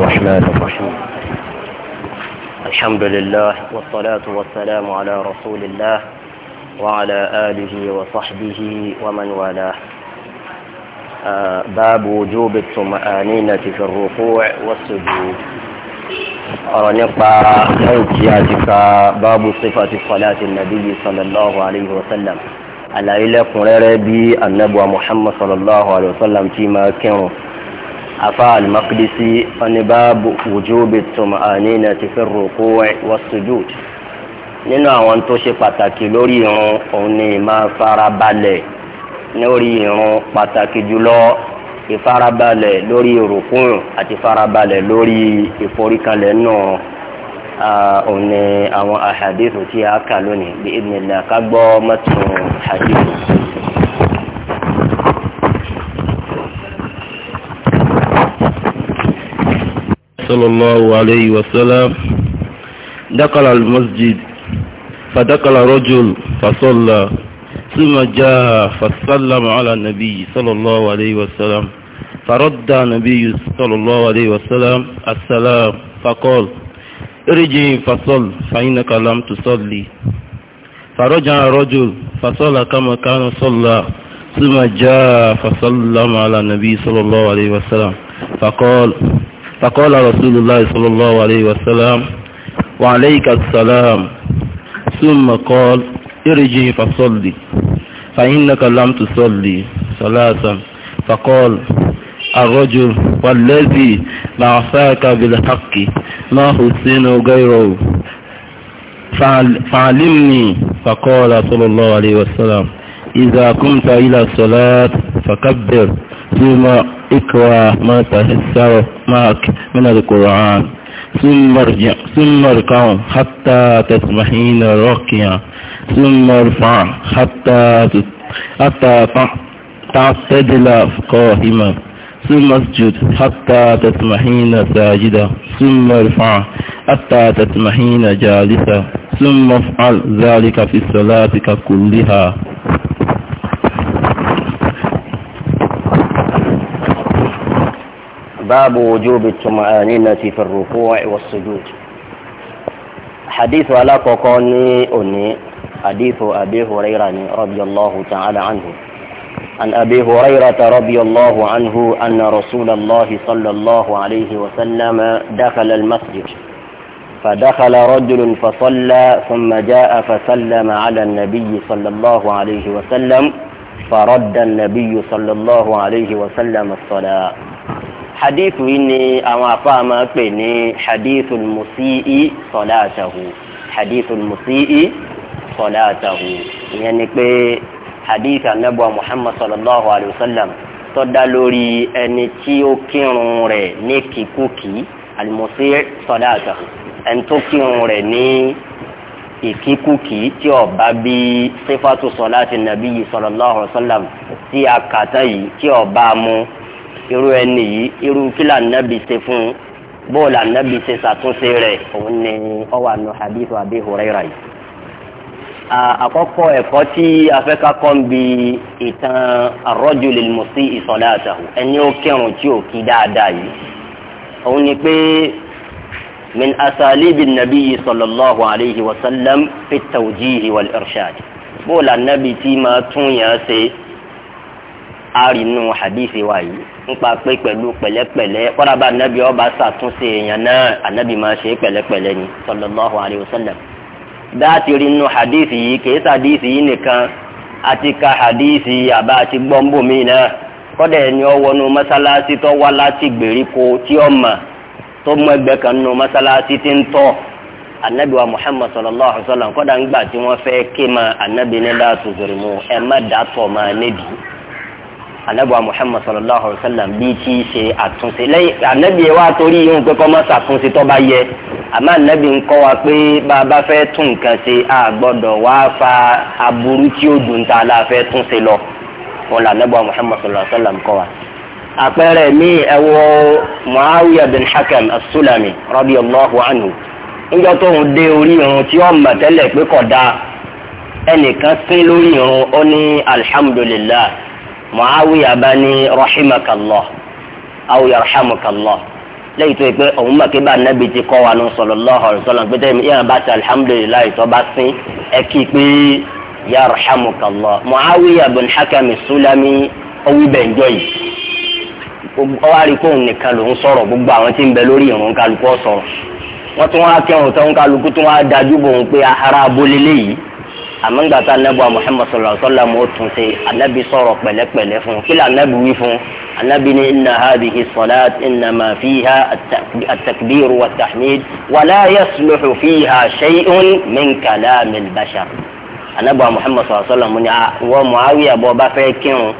الرحمن الرحيم الحمد لله والصلاة والسلام على رسول الله وعلى آله وصحبه ومن والاه آه، باب وجوب الطمأنينة في الركوع والسجود أرنقى أوتياتك باب صفة صلاة النبي صلى الله عليه وسلم على إلى قرار بي النبوة محمد صلى الله عليه وسلم فيما كانوا afa al-maqdisi ọni báàbù wujubi tuma'aninati fi ruku'i was-sujud nínú àwọn tó ṣe pàtàkì lórí irun òun ni máa farabalẹ̀ lórí irun pàtàkì jùlọ ìfarabalẹ̀ lórí rukun àti farabalẹ̀ lórí ìforíkanlẹ̀ náà òun ni àwọn ahadithu tí a kà lónìí bí ibnillah ká gbọ́ mọ́tò hadithu. صلى الله عليه وسلم دخل المسجد فدخل رجل فصلى ثم جاء فسلم على النبي صلى الله عليه وسلم فرد النبي صلى الله عليه وسلم السلام فقال ارجع فصل فإنك لم تصلي فرجع الرجل فصلى كما كان صلى ثم جاء فسلم على النبي صلى الله عليه وسلم فقال فقال رسول الله صلى الله عليه وسلم وعليك السلام ثم قال ارجع فصلي فإنك لم تصلي ثلاثا فقال الرجل والذي بعثاك بالحق ما حسين غيره فعلمني فقال صلى الله عليه وسلم إذا كنت إلى الصلاة فكبر ثم اقرأ ما تيسر معك من القرآن ثم ارجع ثم اركع حتى تسمحين راكعا ثم ارفع حتى حتى تعتدل قائما ثم اسجد حتى تسمحين ساجدا ثم ارفع حتى تسمحين جالسا ثم افعل ذلك في صلاتك كلها باب وجوب الطمأنينة في الركوع والسجود حديث على كوكوني أني حديث أبي هريرة رضي الله تعالى عنه عن أبي هريرة رضي الله عنه أن رسول الله صلى الله عليه وسلم دخل المسجد فدخل رجل فصلى ثم جاء فسلم على النبي صلى الله عليه وسلم فرد النبي صلى الله عليه وسلم الصلاة hadithu yìí ni àwọn afáà máa pè ní hadithu musii salatahu hadithu musii salatahu ìyẹn ni pé hadith anabu muhammad sallallahu alayhi wa sallam tó dá lórí ẹni tí ó kírun rẹ̀ ní kíkúkí alimusii salatahu ẹni tó kírun rẹ̀ ní ìkíkúkì tí ọba bí sífàtú sọláàtì nàbí yìí sallallahu alaihi tí a kàtá yìí tí ọba mú irú ẹni yìí irú kí lànàbì ṣe fún un bó lànàbì ṣe ṣàtúnṣe rẹ̀ òun ni ó wà nù hadith Abi Hurairah yìí. àkọ́kọ́ ẹ̀kọ́ tí afẹ́ká kọ́ ń bi ìtàn ar-rajulil musii salatahu ẹni ó kírun tí ò kí dáadáa yìí òun ni pé min asalibi nabiyyi sallallahu alayhi wa sallam fi tawjihi wal irshad bó lànàbì tí máa tún yàn ṣe arinu hadithi wa yìí nípa pé pẹ̀lú pẹ̀lẹ́pẹ̀lẹ́ kọ́dàbà anabi ọba ṣàtúnṣe èèyàn náà anabi máa ṣe pẹ̀lẹ́pẹ̀lẹ́ ni sallallahu alayhi wa sallam. dáàtì nu hadithi yìí kìí sàdíìsì yìí nìkan àti ka hadithi àbá àti gbọ́nbò mi náà kọ́dà ẹni ọwọ́nu mọ́sálásí tó wá láti gbèríko tí ó mà tó mọ ẹgbẹ́ kan nu mọ́sálásí tí ń tọ́ anabi wa muhammad sallallahu alayhi wa sallam kọ́dà ńgbà tí wọ́n fẹ́ kéema anabi ní láti zòrìmù ẹ má dàtọ̀ máa nídìí anabiwa muhammad sallallahu alaihi wa sallam bíi ti ṣe àtúnṣe lẹ́yìn anabi yẹn wá torí yín pé kọ́ máa ṣàtúnṣe tó bá yẹ àmọ́ anabi ń kọ́ wa pé bá a bá fẹ́ tún nǹkan ṣe a gbọ́dọ̀ wá fa aburú tí ó dùn tá a la fẹ́ tún ṣe lọ wọn là anabiwa muhammad sallallahu alaihi wa sallam kọ́ wa. àpẹẹrẹ mi ẹ muawiya bin hakam as-sulami radiyallahu anhu níjọ́ tó ń dé orí irun tí ó mọ̀ tẹ́lẹ̀ pé kọ̀ da ẹnìkan sín lórí irun ó ní alhamdulillah muawiya bá ní rahimakallah aw yarhamukallah lẹ́yìn tó yẹ pé òun mọ̀ kí bá nẹ́bi ti kọ́ wa ní sallallahu alaihi wasallam pé tẹ́lẹ̀ yẹn bá ti alihamudulilayi tó bá sín ẹ kí pé yarhamukallah muawiya bin hakami sulami owó bẹ̀ ń jọ yìí ọwọ́ àríkò nìkan ló ń sọ̀rọ̀ gbogbo àwọn tí ń bẹ lórí ìrún kálukú sọ̀rọ̀ wọ́n tún wá kẹ́hùn tó ń kálukú tún wá dájú bò ń pé ara abolélé yìí àmọ́ ńgbà tá anabi muhammad sallallahu alayhi wa sallam ó tún ṣe anabi sọ̀rọ̀ pẹ̀lẹ́pẹ̀lẹ́ fún kí lè anabi wí fún anabi ní inna hadhihi salat innama fiha at-takbir wa tahmid wala yasluhu fiha shay'un min kalam bashar anabi muhammad sallallahu alayhi wa sallam ní ah, wọ́n muawiya bọ́ bá fẹ́ kírun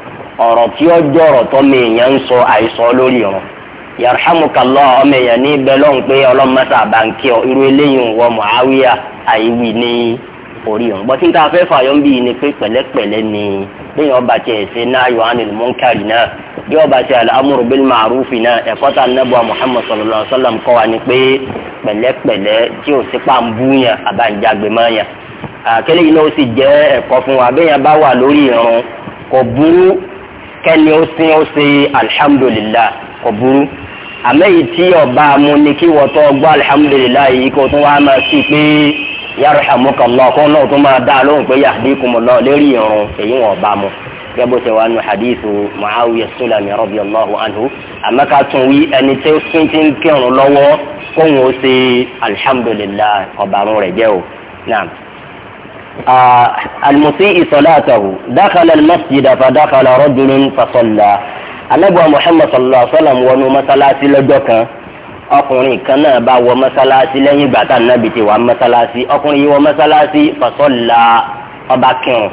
ọ̀rọ̀ tí ó jọ̀rọ̀ tó mèèyàn ń sọ àìsọ lórí ọ̀rọ̀ yarhamukallah ọmọ èèyàn ní bẹ́lọ́n pé ọlọ́mọ sábà ń kí ọ irú eléyìí wọ muawiya àìwí ní orí ọ̀hún bọ́tí tá a fẹ́ fààyàn bíi ni pé pẹ̀lẹ́pẹ̀lẹ́ ni lẹ́yìn ọba tí ẹ̀ ṣe náà yọ ánìlú mọ́nkárì náà bí ọba tí al-amru bil ma'rufi náà ẹ̀kọ́ tá a nẹ́bù wa muhammad sallallahu alayhi wa sallam kọ́ wa ni pé pẹ̀lẹ́pẹ̀lẹ́ tí ò sí pàǹbúyàn àbájágbe mọ́yàn. àkẹ́lẹ́ yìí náà ó sì jẹ́ ẹ̀kọ́ fún wa bẹ́ẹ̀ yẹn bá wà lórí ìrun kò burú kẹ́ni ó sin ó ṣe alhamdulillah kò burú àmẹ́yìí tí ọba amúnikíwọ̀tọ́ gbọ́ alhamdulillah yìí kò tún wá máa sí pé yarhamuka Allah kó náà tó máa dá lóhùn pé yahdikumullah lérí irun èyí wọn bá mu gẹ́gbó ṣe wà nù hadithu Muawiya Sulami radiyallahu anhu àmọ́ ká tún wí ẹni tó sún ti ń kírun lọ́wọ́ kó wọn ó ṣe alhamdulillah ọ̀bàrún rẹ̀ jẹ́ o naam. المسيء صلاته دخل المسجد فدخل رجل فصلى النبي محمد صلى الله عليه وسلم ونو مسلاتي لجوكا ọkùnrin kan náà bá wọ mọ́sálásí lẹ́yìn ìgbà tá nàbì ti wà mọ́sálásí ọkùnrin yìí wọ mọ́sálásí fasalla ọba kírun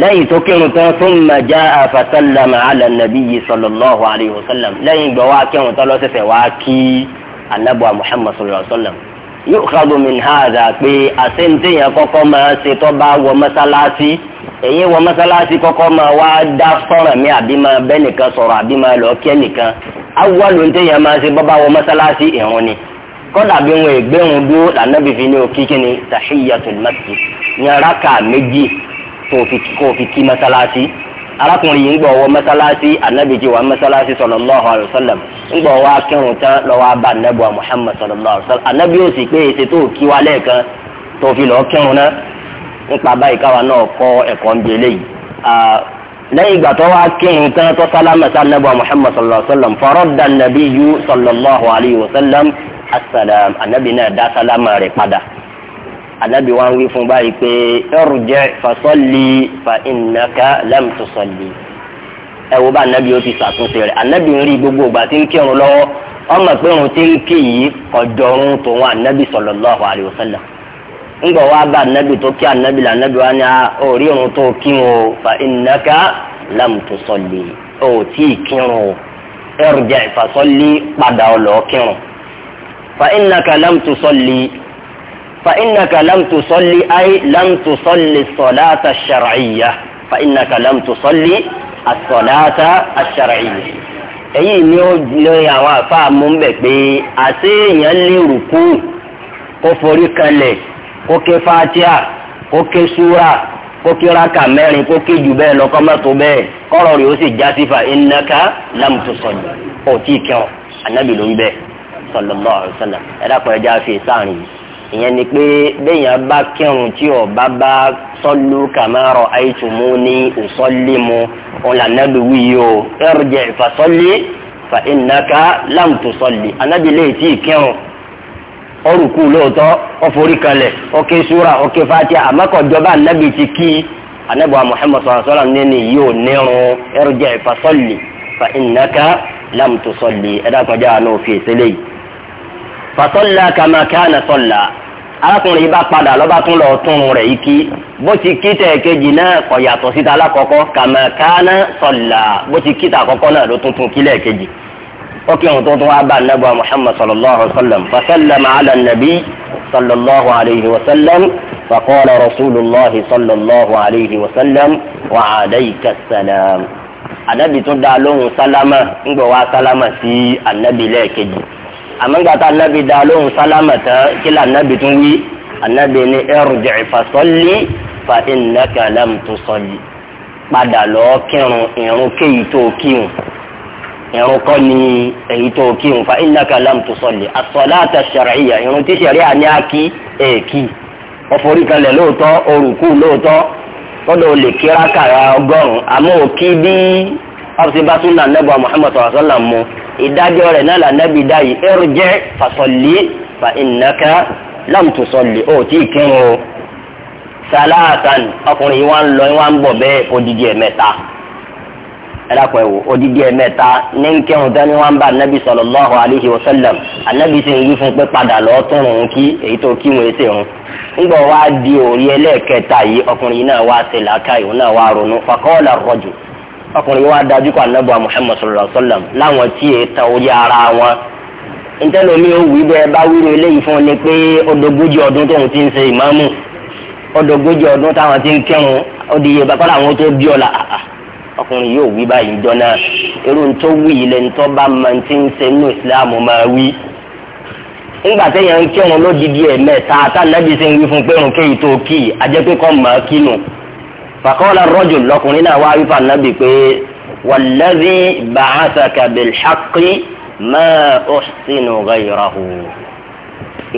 lẹ́yìn tó kírun tán thumma jaa fasallama ala nabiyyi sallallahu alayhi wa sallam lẹ́yìn ìgbà wá kírun tán lọ́sẹ̀sẹ̀ wá kí anábọ̀ muhammad sallallahu alayhi yóò xadu min hàdà pé àtẹ̀ǹtẹ̀ yẹn kọ́kọ́ ma ṣe tó bá masalasi, mọ́sálásí èyí wọ mọ́sálásí kọ́kọ́ máa wá dá sọ̀rọ̀ mi àbí máa bẹ́ nìkan sọ̀rọ̀ àbí ma lọ kẹ́ nìkan awúwá lóńtẹ̀ yẹn máa ṣe bọ́bá wọ mọ́sálásí ìrún ni kọ́dà bí wọn ègbé dúró lànàbí fi ní òkì kí ni tahiyatul masjid araka méjì kó fi kí mọ́sálásí arákùnrin yìí ń gbọ́ wọ mẹ́sálásí anábìjì wa mẹ́sálásí sallallahu alaihi wasallam ń gbọ́ wá kírun tán lọ́wọ́ abá anábì wa muhammad sallallahu alaihi wasallam anábì yóò sì pé èsì tó kí wa lẹ́ẹ̀kan tó fi lọ́ọ́ kírun náà nípa báyìí káwa náà kọ́ ẹ̀kọ́ ń bi eléyìí lẹ́yìn ìgbà tó wá kírun tán tó sálámà anabi wa ń wí fún báyìí pé irji fasalli fa innaka lam tusalli ẹ wo bá anabi ó ti ṣàtúnṣe rẹ̀ anabi ń rí gbogbo ìgbà tí ń kírun lọ́wọ́ ọmọ pé òun ti ń kí yìí ọ̀dọ̀run tòun anabi sallallahu alaihi wasallam ńgbọ̀ wá bá anabi tó kí anabi là anabi wa ni a ò rí tó kí o fa innaka lam o tí ì kírun o irji fasalli padà ọ̀lọ́ kírun fa innaka lam فإنك لم تصلي أي لم تصلي الصلاة الشرعية فإنك لم تصلي الصلاة الشرعية èyí ni ó lè àwọn àfáà mú bẹ̀ pé àti èèyàn lè rùkú kó forí kanlẹ̀ kó ké fatia kó ké súra kó ké raka mẹ́rin kó ké jù bẹ́ẹ̀ lọ́kọ́ mọ́tò bẹ́ẹ̀ kọ́rọ̀ rẹ̀ ó sì já sí fa innaka lam ó tí kẹ́ ọ anábì ń bẹ́ẹ̀ sallallahu alaihi wasallam ẹ̀dá kan ẹja fi sáàrin yìí ìyẹn ni pé béèyàn bá kírun tí ọba bá sọlú kàmáàrọ àìtùmú ní òsọlímu ọ̀làǹdàbí wíyí o ẹrùjẹ ìfàsọlí fa ìnáka láǹtùsọlì anábìlẹ̀ ètí ìkírun ọrùkú lóòótọ́ ọforí kalẹ̀ ọkẹ súra ọkẹ fatia àmọ́kọ̀jọba anábì ti kí anábìwá muhammad sọ̀rọ̀ sọ̀rọ̀ nínú yìí ò nírun ẹrùjẹ ìfàsọlì fa ìnáka láǹtùsọlì ẹ̀dá kan jáà náà fi ètẹ́lẹ̀ yìí fasọ́lá kàmákàánà sọ́lá arákùnrin yìí bá padà lọ́ba tún lọ tún rẹ̀ yìí kí bó ti kí tẹ̀ kejì náà kọ̀ yàtọ̀ síta alákọ̀ọ́kọ́ kàmákàánà sọ́lá bó ti kí tà àkọ́kọ́ náà ló tún tún kílẹ̀ kejì ó kí ohun tó tún wá bá nàbà muhammad sallallahu alayhi wa sallam fasallama ala nabi sallallahu alayhi wa sallam faqala rasulullahi sallallahu alayhi wa sallam wa alayka salam anabi tún dá lóhùn sálámà ń gbọ̀ wá sálámà sí anabi lẹ́ẹ̀kejì àmọ́gbàtà anábì dá lóhùn sálámà tán kí là anábì tún wí anábì ní irji' fasalli fa innaka lam tusalli padà lọ kírun ìrun kéyìí tó kírun ìrun kọ́ ni èyí tó kírun fa innaka lam tusalli as-salata ash-shar'iyya ìrun tí sẹ̀ríà ní àkí èèkì e ọ̀fọ̀rí kalẹ̀ lóòótọ́ orùkú lóòótọ́ kọ́dọ̀ olè kíráàkà ọgọ́rùn-ún àmọ́ òkí bí ọ̀sìn bá súnà nẹ́gbà Muhammad sallallahu alaihi ìdájọ́ rẹ̀ náà lànàbí dáyìí irji fasalli fa innaka lam tusalli ó tí ì kírun o salatan ọkùnrin yìí wọ́n ń lọ wọ́n ń bọ̀ bẹ́ẹ̀ odidi ẹ̀ mẹ́ta ẹlẹ́kọ̀ọ́ ẹ̀wò odidi ẹ̀ mẹ́ta ní nkẹ́hùn tán ni wọ́n ń bá anabi sallallahu alayhi wa sallam anabi sì ń wí fún pé padà lọ́ọ́ kí èyí tó kí wọ́n ṣe òun. ńgbọ̀ wá di òrí ẹlẹ́ẹ̀kẹta yìí ọkùnrin náà wá ṣe làákàyè náà wá ronú faqala ar ọkùnrin wa dájú kọ anabu muhammad sallallahu alaihi wa sallam láwọn tí yẹ ta orí ara wọn ntẹ́lẹ̀ omi ò wí bẹ́ẹ̀ bá wíro eléyìí fún ni pé ọdọgójì ọdún tóun ti ń ṣe ìmáàmù ọdọgójì ọdún táwọn ti ń kírun ọdí yẹ bàbá làwọn tó bí ọ̀la ah, ah, ọkùnrin yóò wí báyìí jọ náà irú tó wí ilẹ̀ ntọ́ bá máa ti ń ṣe nínú ìsìláàmù máa wí. nígbà téèyàn ń kírun lódìdí ẹ̀ mẹ́ta tá nàbì ṣe ń wí fún pé òun kéyìí tó kì í ajẹ́ pé kọ́ máa kínú fàkọ́lá rọ́jò lọkùnrin náà wá wípé ànábì pé wàlẹ́bí bàásàkà bìlḥàkì máa ó sínú ghayrahu.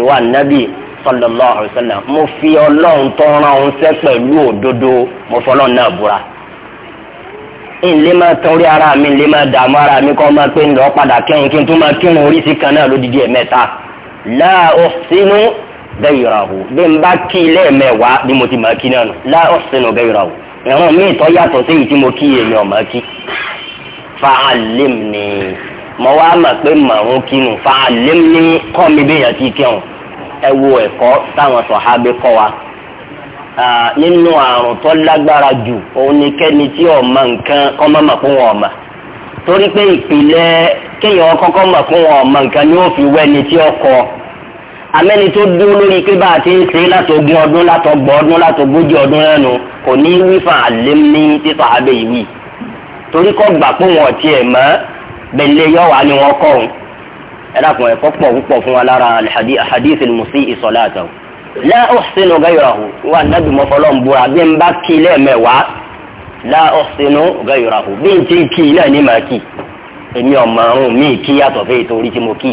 ìwà ànábì sallallahu alaihi wasallam mo fi ọlọ́run tó rán òun sẹ́ pẹ̀lú òdodo mo fọlọ́run náà búra. ìlé máa torí ara mi ìlé máa dààmú ara mi kọ́ máa pé ńlọ padà kẹ́hìn kí n tó máa kírun oríṣi kan náà lódìdí ẹ̀ mẹ́ta. láà ó gẹ́yìràwò bí n bá kí lẹ́ẹ̀mẹ́wàá bí mo ti máa kí náà nù láọ̀sìnù gẹ́yìràwò ìran yàtọ̀ sí tí mo kí èmi ọ̀ máa kí ni mo wá mà pé màrún ni kọ́ mi bí ti kẹ́hùn ẹ wo ẹ̀kọ́ táwọn sọ̀hábẹ́ kọ́ wa nínú àrùn tó lágbára jù òun ni kẹ́ni tí nǹkan kọ́ má mà fún wọn torí pé ìpìlẹ̀ kéèyàn kọ́kọ́ fún wọn nǹkan amẹ́ni tó dúró lórí pé bá a ti ń ṣe látọ̀gbọ́n ọdún látọ̀gbọ́n ọdún látọ̀gbọ́jì ọdún lẹ́nu kò ní wí fún àlẹ́m ní títà abẹ́ ìwì torí kọ́ gbà pé wọn tiẹ̀ mọ́ bẹ̀lẹ́ yọ wá ni wọ́n kọ́ òun ẹ dákun ẹ̀kọ́ pọ̀ púpọ̀ fún wa lára hadith al-musii salatahu la uhsinu ghayrahu wa nábì mọ́ fọlọ́ nbúra bí n bá kí lẹ́ẹ̀mẹ́wàá la uhsinu ghayrahu bí n ti kí náà ní màá kí èmi ọ̀mọ̀rún mi kí yàtọ̀ fẹ́ torí tí mo kí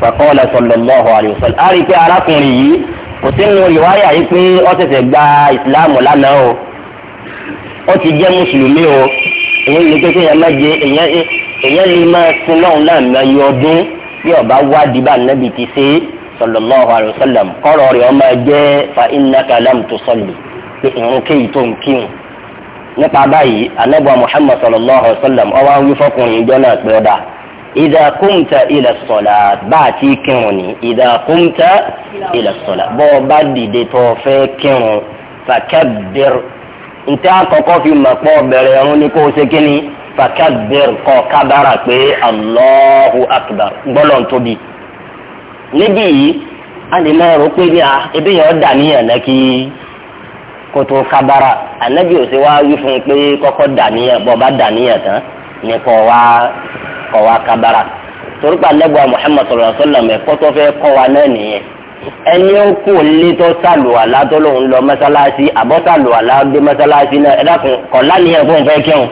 fàkọọlẹ sọlọlọhùn àlùsọlẹ àrí pé arákùnrin yìí kò sínú ìwáyà yìí pé ó ṣẹ̀ṣẹ̀ gba ìsìláàmù lánàá o ó ti jẹ́ mùsùlùmí o èyí ni pé kéèyàn má jẹ èyàn lè máa sin lọ́hùn náà mẹ́yìn ọdún bí ọba wádìí bá nẹ́bi ti ṣe sọlọlọhùn àlùsọlẹ kọ́rọ̀ rẹ̀ ọmọ ẹgbẹ́ fa iná kàlámù tó sọlù pé ìrún kéyìí tó ń kírun nípa báyìí anábọ̀ muhammad sallallahu alayhi wa ìdá kúmta ilẹ̀ sọ̀lá bá a ti kírun ni ìdá kúmta ilẹ̀ sọ̀lá bọ́ ọ bá dìde tó fẹ́ kírun fàkẹ́bìr ntẹ́ àkọ́kọ́ fi mọ̀ pọ́ bẹ̀rẹ̀ ẹ̀rún ní kó o ṣe kíni fàkẹ́bìr kọ́ kábàárà pé allahu akbar gbọ́dọ̀ tóbi. níbí yìí a lè máa rò a ebi yẹn ó dà kí kótó kábàárà ànábì ò ṣe wá wí fún pé kọ́kọ́ dà níyàn bọ́ ọ bá dà tán ìyẹn kọ́ wa kọ́ wa kábàrà torípa lẹ́gbàá Muhammad sallallahu alaihi wasallam ẹ̀kọ́ tó fẹ́ kọ́ wa náà nìyẹn ẹni ó kú lé tó sàlùwàlá tó lòun lọ mọ́sálásí àbọ̀ sàlùwàlá gbé mọ́sálásí náà ẹ̀dá kan kọ̀ lánìyàn fún ìfẹ́ kírun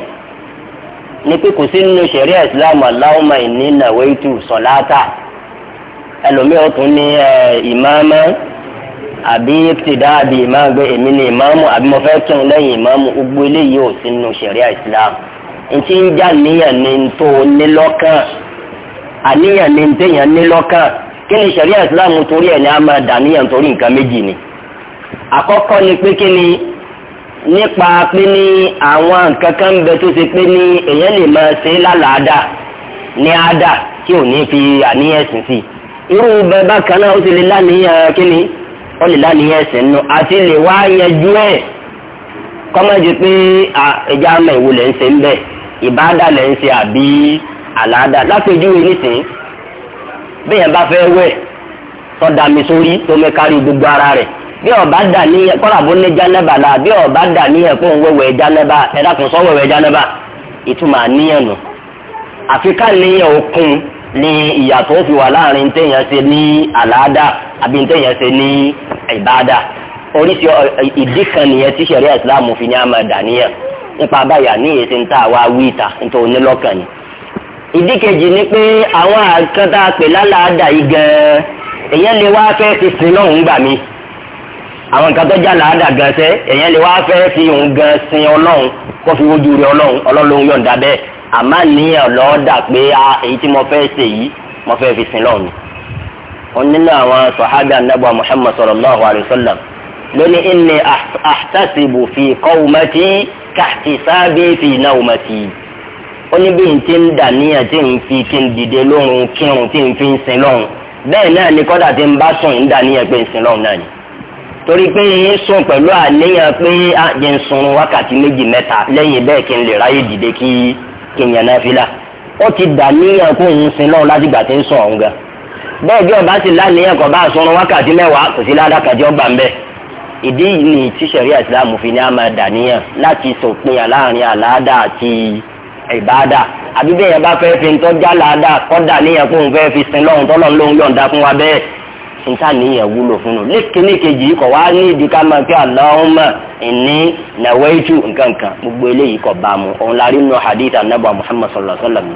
ní pé kò sí nínú ṣẹ̀ríà Islam Allahumma inni nawaitu salata ẹlòmíì ó tún ní ìmáàmá àbí tìdá àbí ìmáàgbé èmi ni ìmáàmù àbí mo fẹ́ kírun lẹ́yìn ìmáàmù gbogbo eléyìí ò sí nínú ṣẹ̀ríà Islam ntí ń já níyàn ní tó nílọ́kàn àníyàn ní téèyàn nílọ́kàn kí ni sẹ̀ríà ìsìláàmù torí ẹ̀ ní a máa dà níyàn torí nǹkan méjì ni àkọ́kọ́ ni pé kí ni nípa pé ní àwọn nǹkan kan ń bẹ tó ṣe pé ní èèyàn lè máa ṣe lálàáda ní àádá tí ò ní fi àníyàn ẹ̀sìn sí irú bẹ bákan náà ó ti lè láníyàn kí ni ó lè láníyàn ẹ̀sìn nù àti lè wá yanjú ẹ̀ kọ́mọ̀jì pé ẹja àmọ̀ ìwòlẹ̀ ń ṣe ń bẹ́ẹ̀ ìbáàdà lẹ́ ń ṣe àbí àlàáda lápèjúwe nísìnyí bí yẹn bá fẹ́ wẹ̀ tọ́da mi sórí tó mi kárí gbogbo ara rẹ̀ bí ọba dà ní kọ́làbó ní jánẹ́bà la bí ọba dà ní ẹ̀kọ́ wẹ̀wẹ̀ jánẹ́bà ẹ̀dá kan sọ wẹ̀wẹ̀ jánẹ́bà ìtumọ̀ àníyàn nù àfikà níyàn okun ni ìyàtọ̀ fi wà láàrin téèyàn ṣe ní àlàáda àbí téèyàn ṣe ní ìbáàdà oríṣi ìdí kan nìyẹn tí sẹ̀rí ìsìláàmù fi ní àmà dàníyàn nípa báyà ní èsì ń tà wá wí ìta nítorí onílọ́kàn ni. ìdí kejì ni pé àwọn àkàn tá a pè lálàádà yìí gan-an èyàn lè wá fẹ́ fi sin lọ́hùn gbà mí àwọn nǹkan tó já làádà gan sẹ́ èyàn lè wá fẹ́ fi òun gan sin ọlọ́hun kó fi wojú rẹ ọlọ́hun ọlọ́hun yọ̀ǹda bẹ́ẹ̀ àmọ́ níyàn lọ́ọ́dà pé èyí tí mo fẹ́ ṣe yìí mo fẹ́ fi sin lọ́hùn onínú àwọn sọ̀hábà nàbà muhammad sallallahu alayhi wa lónìí inni ahtasibu fi qawmati kàtísábì fi nawmati ó ní bí n ti ń dà níyà tí n fi kí n dìde lórun kírun tí n fi ń sin lọ́run bẹ́ẹ̀ náà ni kọ́dà tí n bá sùn ń dà níyà pé ń sin lọ́run náà ni torí pé ń sùn pẹ̀lú àníyàn pé àjẹ ń sun wákàtí méjì mẹ́ta lẹ́yìn bẹ́ẹ̀ kí n lè ráyè dìde kí kí n yànnà fílà ó ti dà níyàn kó ń sin lọ́run láti gbà tí ń sùn ọ̀hún gan bẹ́ẹ̀ bí ọba sì láníyàn kọ́ bá sun wákàtí mẹ́wàá kò sí ládàkàjọ́ gbà ìdí yìí ni tíṣẹ̀rí ìsìlámù fi ní àmà dàníyàn láti sòpin àláàrin àláàdà àti ìbáàdà àbí bẹ́ẹ̀ yẹn bá fẹ́ fi ń tọ́jà láàdà kọ́dà níyàn kó ń fẹ́ fi sin lọ́run tọ́lọ́ ló ń yọ̀ǹda fún wa bẹ́ẹ̀ nta níyàn wúlò fún un lékele kejì kọ̀ wá ní ìdí ká máa fi Allahumma inni nawaitu nkankan gbogbo eléyìí kọ̀ bá mu òun la rí nù hadith anabu Muhammad sallallahu alaihi wasallam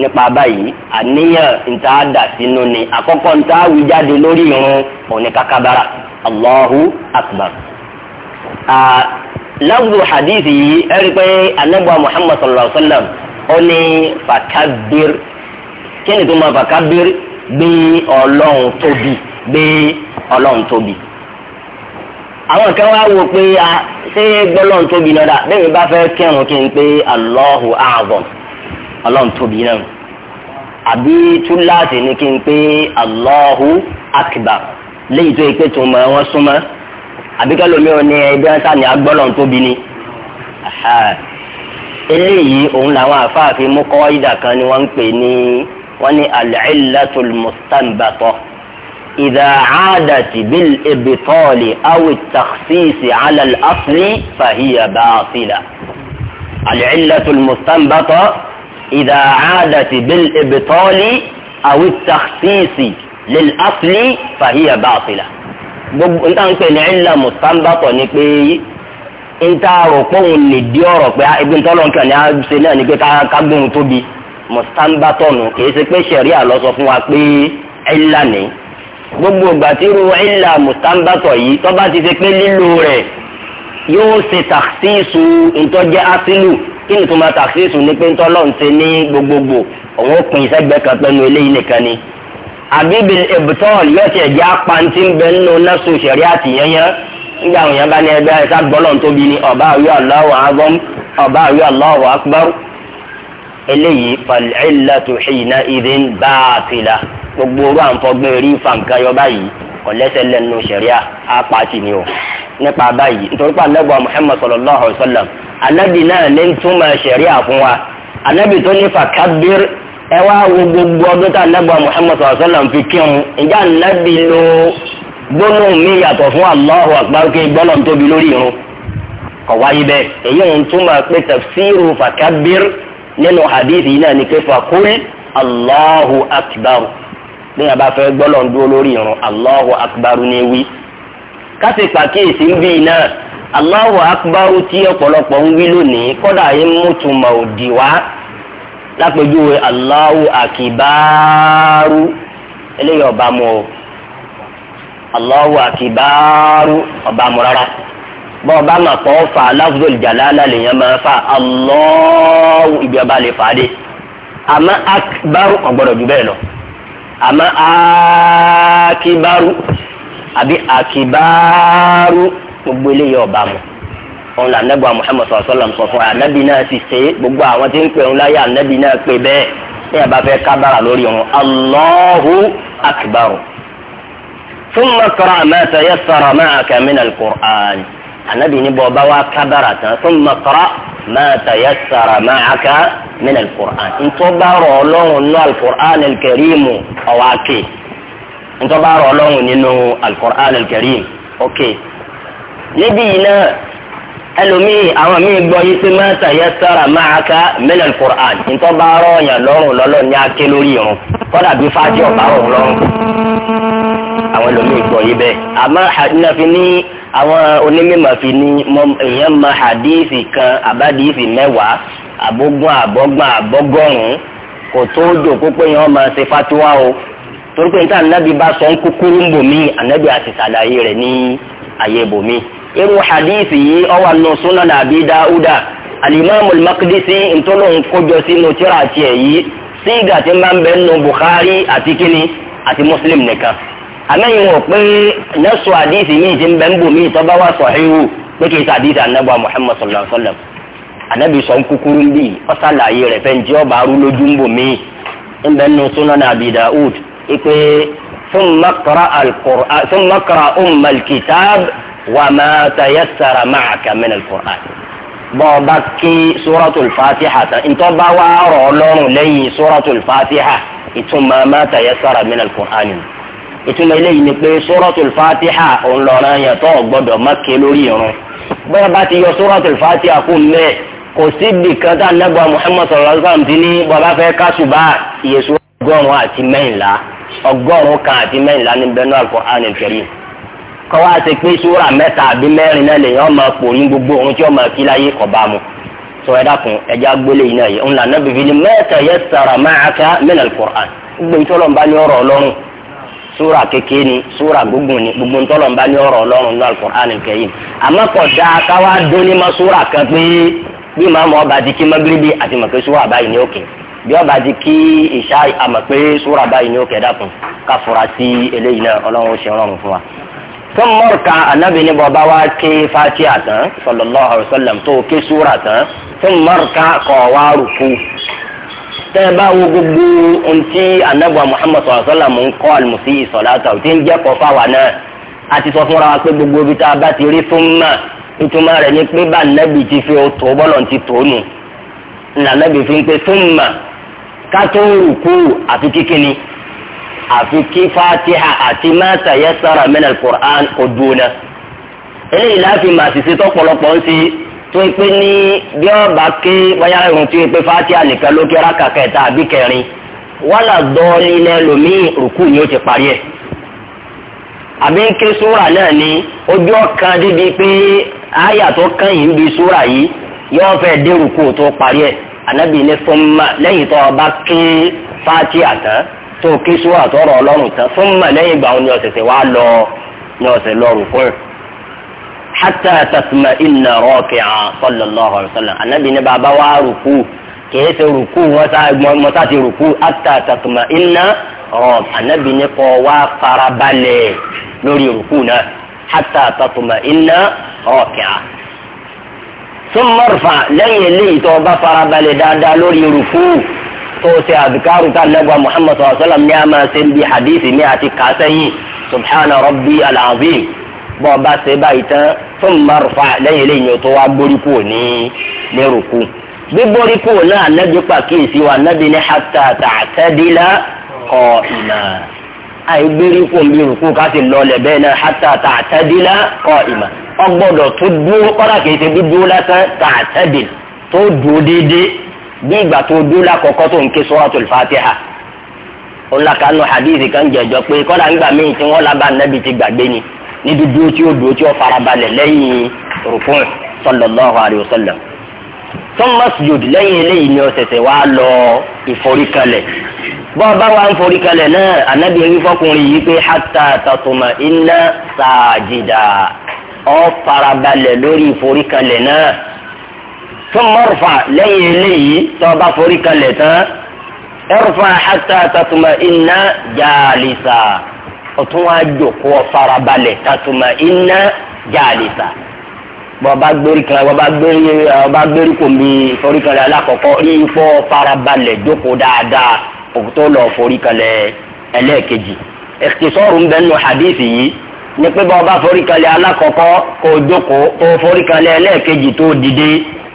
nípa báyìí àníyàn nta dà sínú ni àkọ́kọ́ nta wí jáde lórí irun òun ni kákábára allahu akbar. lafzu hadithi yìí ẹ̀rí pé anabuwa muhammad sallallahu alayhi wa sallam ó ní fakabir kí ni tó máa fakabir gbé ọlọ́run tóbi gbé ọlọ́run tóbi. àwọn kan wá wò pé a ṣé gbọ́lọ́run tóbi náà dà bẹ́ẹ̀ mi bá fẹ́ kírun kí n pé allahu azam ọlọ́run tóbi náà àbí túláàsì ni kí n pé allahu akbar léyìí tó yẹ pé tó máa wọ́n súnmọ́ àbíkẹ́ lomi ò ní ẹbí ẹ̀ta ni agbọ́lọ̀ tóbi ni eléyìí òun làwọn àfáàfin mú kọ́ ìdà kan ni wọ́n ń pè ní wọ́n ní al-illatul mustanbata idha 'aadat bil-ibtali aw at-takhsis fahiya baatila al-illatul mustanbata idha 'aadat bil-ibtali aw lil asli fahiya baatila gbogbo n ta n pè ní ilà mustanbatọ ni pé n ta rò pé òun lè di ọ̀rọ̀ pé ebi n tọ́lọ́ nǹkan ní a ṣe náà ni pé ká gbóhùn tóbi mustanbatọ nù kìí ṣe pé sẹ̀ríà lọ sọ fún wa pé ilà ni gbogbo ìgbà tí irú ilà mustanbatọ ti ṣe pé lílo rẹ̀ yóò ṣe tàxíṣù ntọ́jẹ́ asílù kí ni tó máa ni pé ntọ́lọ́ ń ṣe ní òun ó pin ìṣẹ́gbẹ́ kan pẹ́nu eléyìí nìkan ni àbíbi ìbùtọ́ọ̀l yóò tiẹ̀ jẹ́ apáǹtí ń bẹ nínú nọ́ọ̀sù sẹ̀rí àtìyẹyẹ nígbà àwọn èèyàn bá ní ẹgbẹ́ ẹ̀ka gbọ́lọ̀ tóbi ni ọba àwíyọ̀ Allahu agbọ́m ọba àwíyọ̀ Allahu akbar eléyìí fal-illatu hīna'idhin bāṭila gbogbo orú àǹfọ̀gbẹ́ rí fàǹkàyọ báyìí kò lẹ́sẹ̀ lẹ́nu sẹ̀ríà apàtì ni o nípa báyìí nítorí pé anábọ̀ Muhammad sallallahu alayhi wa sallam anábì náà ní túmọ̀ sẹ̀ríà fún wa anábì tó ní fakabbir ẹ wá wo gbogbo ọdún tá ànábì Muhammad sallallahu alaihi wasallam fi kírun ìjà ànábì lo gbóná mi yàtọ̀ fún Allahu akbar ké gbọ́nà tóbi lórí irun kọ̀ wáyé bẹ́ẹ̀ èyí ń túmọ̀ pé tafsiru fakabbir nínú hadithi náà ni pé fakul Allahu akbar ní yàrá bá fẹ́ gbọ́nà dúró lórí irun Allahu akbar ní wí kásì pàkíyèsí ń bí náà Allahu akbar tí ọ̀pọ̀lọpọ̀ ń wí lónìí kọ́dà yín mú túmọ̀ òdì wá lápèjúwe Allahu akibaru eléyìí ọba mu o Allahu akibaru ọba mu rárá bọ́ ọba mà kọ́ fa aláfúdòlì jàlálà lèèyàn máa fa Allahu ibi ọba lè fà á dé àmọ́ akibaru ọ̀gbọ́dọ̀ jù bẹ́ẹ̀ lọ àmọ́ akibaru àbí akibaru gbogbo eléyìí ọba mu òun là nẹ́gbà Muhammad sallallahu alaihi wasallam sọ fún anabi náà sì ṣe gbogbo àwọn tí ń pè ń láyé anabi náà pè bẹ́ẹ̀ ní ẹ̀ bá fẹ́ kábàrà lórí òun Allahu akbar thumma qara ma tayassara ma'aka minal Qur'an anabi ní bọ́ bá wá kábàrà tán thumma qara ma tayassara ma'aka minal Qur'an ntọ́ba rọ̀ ọlọ́run náà al-Qur'an al-Karim ọ̀wáàkè ntọ́ba rọ̀ ọlọ́run nínú al-Qur'an al-Karim ọ̀kè níbí yìí náà ẹlòmíì àwọn míì gbọ́ yìí pé máa tàyẹ sára máa ká mílẹ̀ qur'an nítorí bá rọ̀yàn lọ́rùn lọ́lọ́ ní aké lórí irun kọ́dà bí fájì ọ̀bá rọ̀ lọ́rùn. àwọn ẹlòmíì gbọ́ yìí bẹ́ẹ̀ àmọ́ náà fi ní àwọn onímọ̀ fi ní èèyàn mọ hadíìsì kan àbádìísì mẹ́wàá àbógún àbọ́gbọ̀n àbọ́gọ́rùn-ún kò tó jòkó pé yẹn máa ṣe fatiwa o torí pé níta ànábì bá sọ ń kúkúrú ń bòmí ànábì àti sàlàyé rẹ̀ ní àyè bòmí irú hadith yìí ó wà nù sunan abi dáúdà alimami makidisi ntọ́lọ́hún kójọ sínú tíra tiẹ̀ yìí sígà tí máa ń bẹ nù bukhari àti kíni àti muslim nìkan àmẹ́yìn wọ̀ pé nẹ́sọ̀ hadith yìí ti ń bẹ ń bò mí tọ́ba wa sahihu pé kì sọ hadith anabu muhammad sallallahu alaihi wa sallam anabi sọ ń bí ọ̀sálàyé rẹ̀ fẹ́ njẹ́ ọba arú lójú ń mí ń nù sunan abi dáúd ipe fún makara al-Qur'an wa ma tayassara ma'aka min al-Qur'an bọba kí suratul fatiha tán ntọ́ba wa rọ̀ ọlọ́run lẹ́yìn suratul fatiha ìtumọ̀ ma tayassara min al-Qur'an ni ìtumọ̀ eléyìí ni pé suratul fatiha òun lọ́ra yẹn tó gbọ́dọ̀ má ké lórí irun bẹ́ẹ̀ bá ti yọ suratul fatiha kú mẹ́ kò sí bìkan tá nàgbà muhammad sallallahu alaihi wa sallam ti ní bọba fẹ́ kásùbà ìyẹ̀sùn ọgọ́rùn-ún àti mẹ́yìnlá ọgọ́rùn-ún kan àti mẹ́yìnlá ní bẹ́ẹ̀ náà al kọ́ wá ṣe pé sóra mẹ́ta àbí mẹ́rin náà lèyàn ọmọ pòrí gbogbo ohun tí ọmọ kí láyé kọ̀ bá mu sọ ẹ dákun ẹjẹ agbélé yìí náà yìí ńlá náà bìbí ni mẹ́ta yẹ sara máàkà mẹ́nà alukur'an gbogbo ntọ́lọ́mbá ní ọ̀rọ̀ ọlọ́run sóra kékeré ni sóra gbogbo ni gbogbo ntọ́lọ́mbá ní ọ̀rọ̀ ọlọ́run ní alukur'an kẹ́yìn àmọ́ kọ̀ dá káwá dóní ma sóra kan pé bí màmú ọba ti kí magrebi àti màkẹ́ sóra báyìí ní òkè bí ọba ti kí ìṣá àmọ̀ pé sóra báyìí ní òkè dákun káfọ́ra sí eléyìí náà ọlọ́run ó ṣe rọrùn fún wa sọmọr kan anabi ni bọba wa ké fatiha tán sallallahu alayhi wa sallam tó ké sura tán sọmọr kan kọ wa ruku tẹ bá wo gbogbo ntí anabiwa muhammad sallallahu alayhi wa sallam ń kọ́ alimusi ìsọ̀láta òtí ń jẹ́ kọ́ fáwa náà a ti sọ fúnra wa pé gbogbo ibi tá a bá ti rí fún mà ìtumọ̀ rẹ̀ ni pé bá anabi ti fi tó bọ́lọ̀ ti tó nù anabi fi ń pè fún mà ká tó àti kíkíni àfi kí fatiha àti ma tayassara min al-Qur'an kò dúnà eléyìí láti máa ṣiṣẹ́ tọ́pọ̀lọpọ̀ ń ṣe tó pé ní bí ọba ké báyà irun tó pé fatiha nìkan ló kí rákà kẹta àbí kẹrin wàlà dọ́ọ̀lì lẹ́lòmíì rùkú ni ó ti parí ẹ̀ àbí ń ké súrà náà ni ojú ọ̀kan díbi pé àyà tó kàn yìí ń bi súrà yìí yóò fẹ́ dé rùkú tó parí ẹ̀ ànábì ní fún ma lẹ́yìn tó ọba ké fatiha tán tó ké sọ àtọrọ Ọlọ́run tán fún mà lẹ́yìn ìgbà wọn ni ọsẹsẹ wàá lọ ni ọsẹ lọrùn fún un hatta tasma inna raki'a sallallahu alaihi wasallam anabi ní bàbá wa rùkú kìí ṣe rùkú wọn sá mọta ti rùkú hatta tasma inna rọk anabi ní kọ wá farabalẹ̀ lórí rùkú náà hatta tasma inna raki'a summa rfa lẹ́yìn eléyìí tó bá farabalẹ̀ dáadáa lórí rùkú tó ṣe àdìkárù tá lẹ́gbàá muhammad sallallahu alayhi wa sallam ní a máa ṣe ń bi hadith ní àti kàṣẹ́yìn subhana rabbi al-azim bọ́ ọba ṣe báyìí tán fún marufa lẹ́yìn lẹ́yìn tó wá gbórí kù ní ní rúkú gbígbórí kù náà anábì pàkíyèsí wa anábì ní hatta ta'tadila qa'ima àìgbérí kù ní rúkú ká sì lọlẹ̀ bẹ́ẹ̀ náà hatta ta'tadila qa'ima ọgbọ́dọ̀ tó dúró kọ́dà kìí ṣe bí dúró lásán ta'tadil tó dúró déédéé bí ìgbà tó dúró lákọ̀ọ́kọ́ tó ń ké suratul Fatiha ńlá kan nù hadith kan jẹjọ pé kọ́lá ńgbà míì tí wọ́n lábàá nẹ́bi ti gbàgbé ni ní dúdú tí ó dúró tí ó farabalẹ̀ lẹ́yìn rukun sallallahu alayhi wa sallam tún masjid lẹ́yìn eléyìí ni ó ṣẹ̀ṣẹ̀ wá lọ ìforíkalẹ̀ bọ́ọ̀bá wa ń foríkalẹ̀ náà anabi ewì fọkùnrin yìí pé hatta tatuma inna sajida ó farabalẹ̀ lórí ìforíkalẹ̀ náà fún mọ́rùfà lẹ́yìn eléyìí tó o bá forí kalẹ̀ tán ẹrùfà hàtà tàtùmà iná jàlísà ọ̀tún wá jòkó ọ̀farabalẹ̀ tàtùmà iná jàlísà bọ́ ọba gbérí kan ọba gbérí ọba gbérí kò mí forí kalẹ̀ alákọ̀ọ́kọ́ rí ipò ọ̀farabalẹ̀ jókòó dáadáa òkútó lọ forí kalẹ̀ ẹlẹ́ẹ̀kejì ìkìsọ́rù ń bẹnu hadisi yìí ní pé bọ́ forí kalẹ̀ alákọ̀ọ́kọ́ kò jókòó kò forí kalẹ̀ ẹlẹ́ẹ̀kejì tó dìde.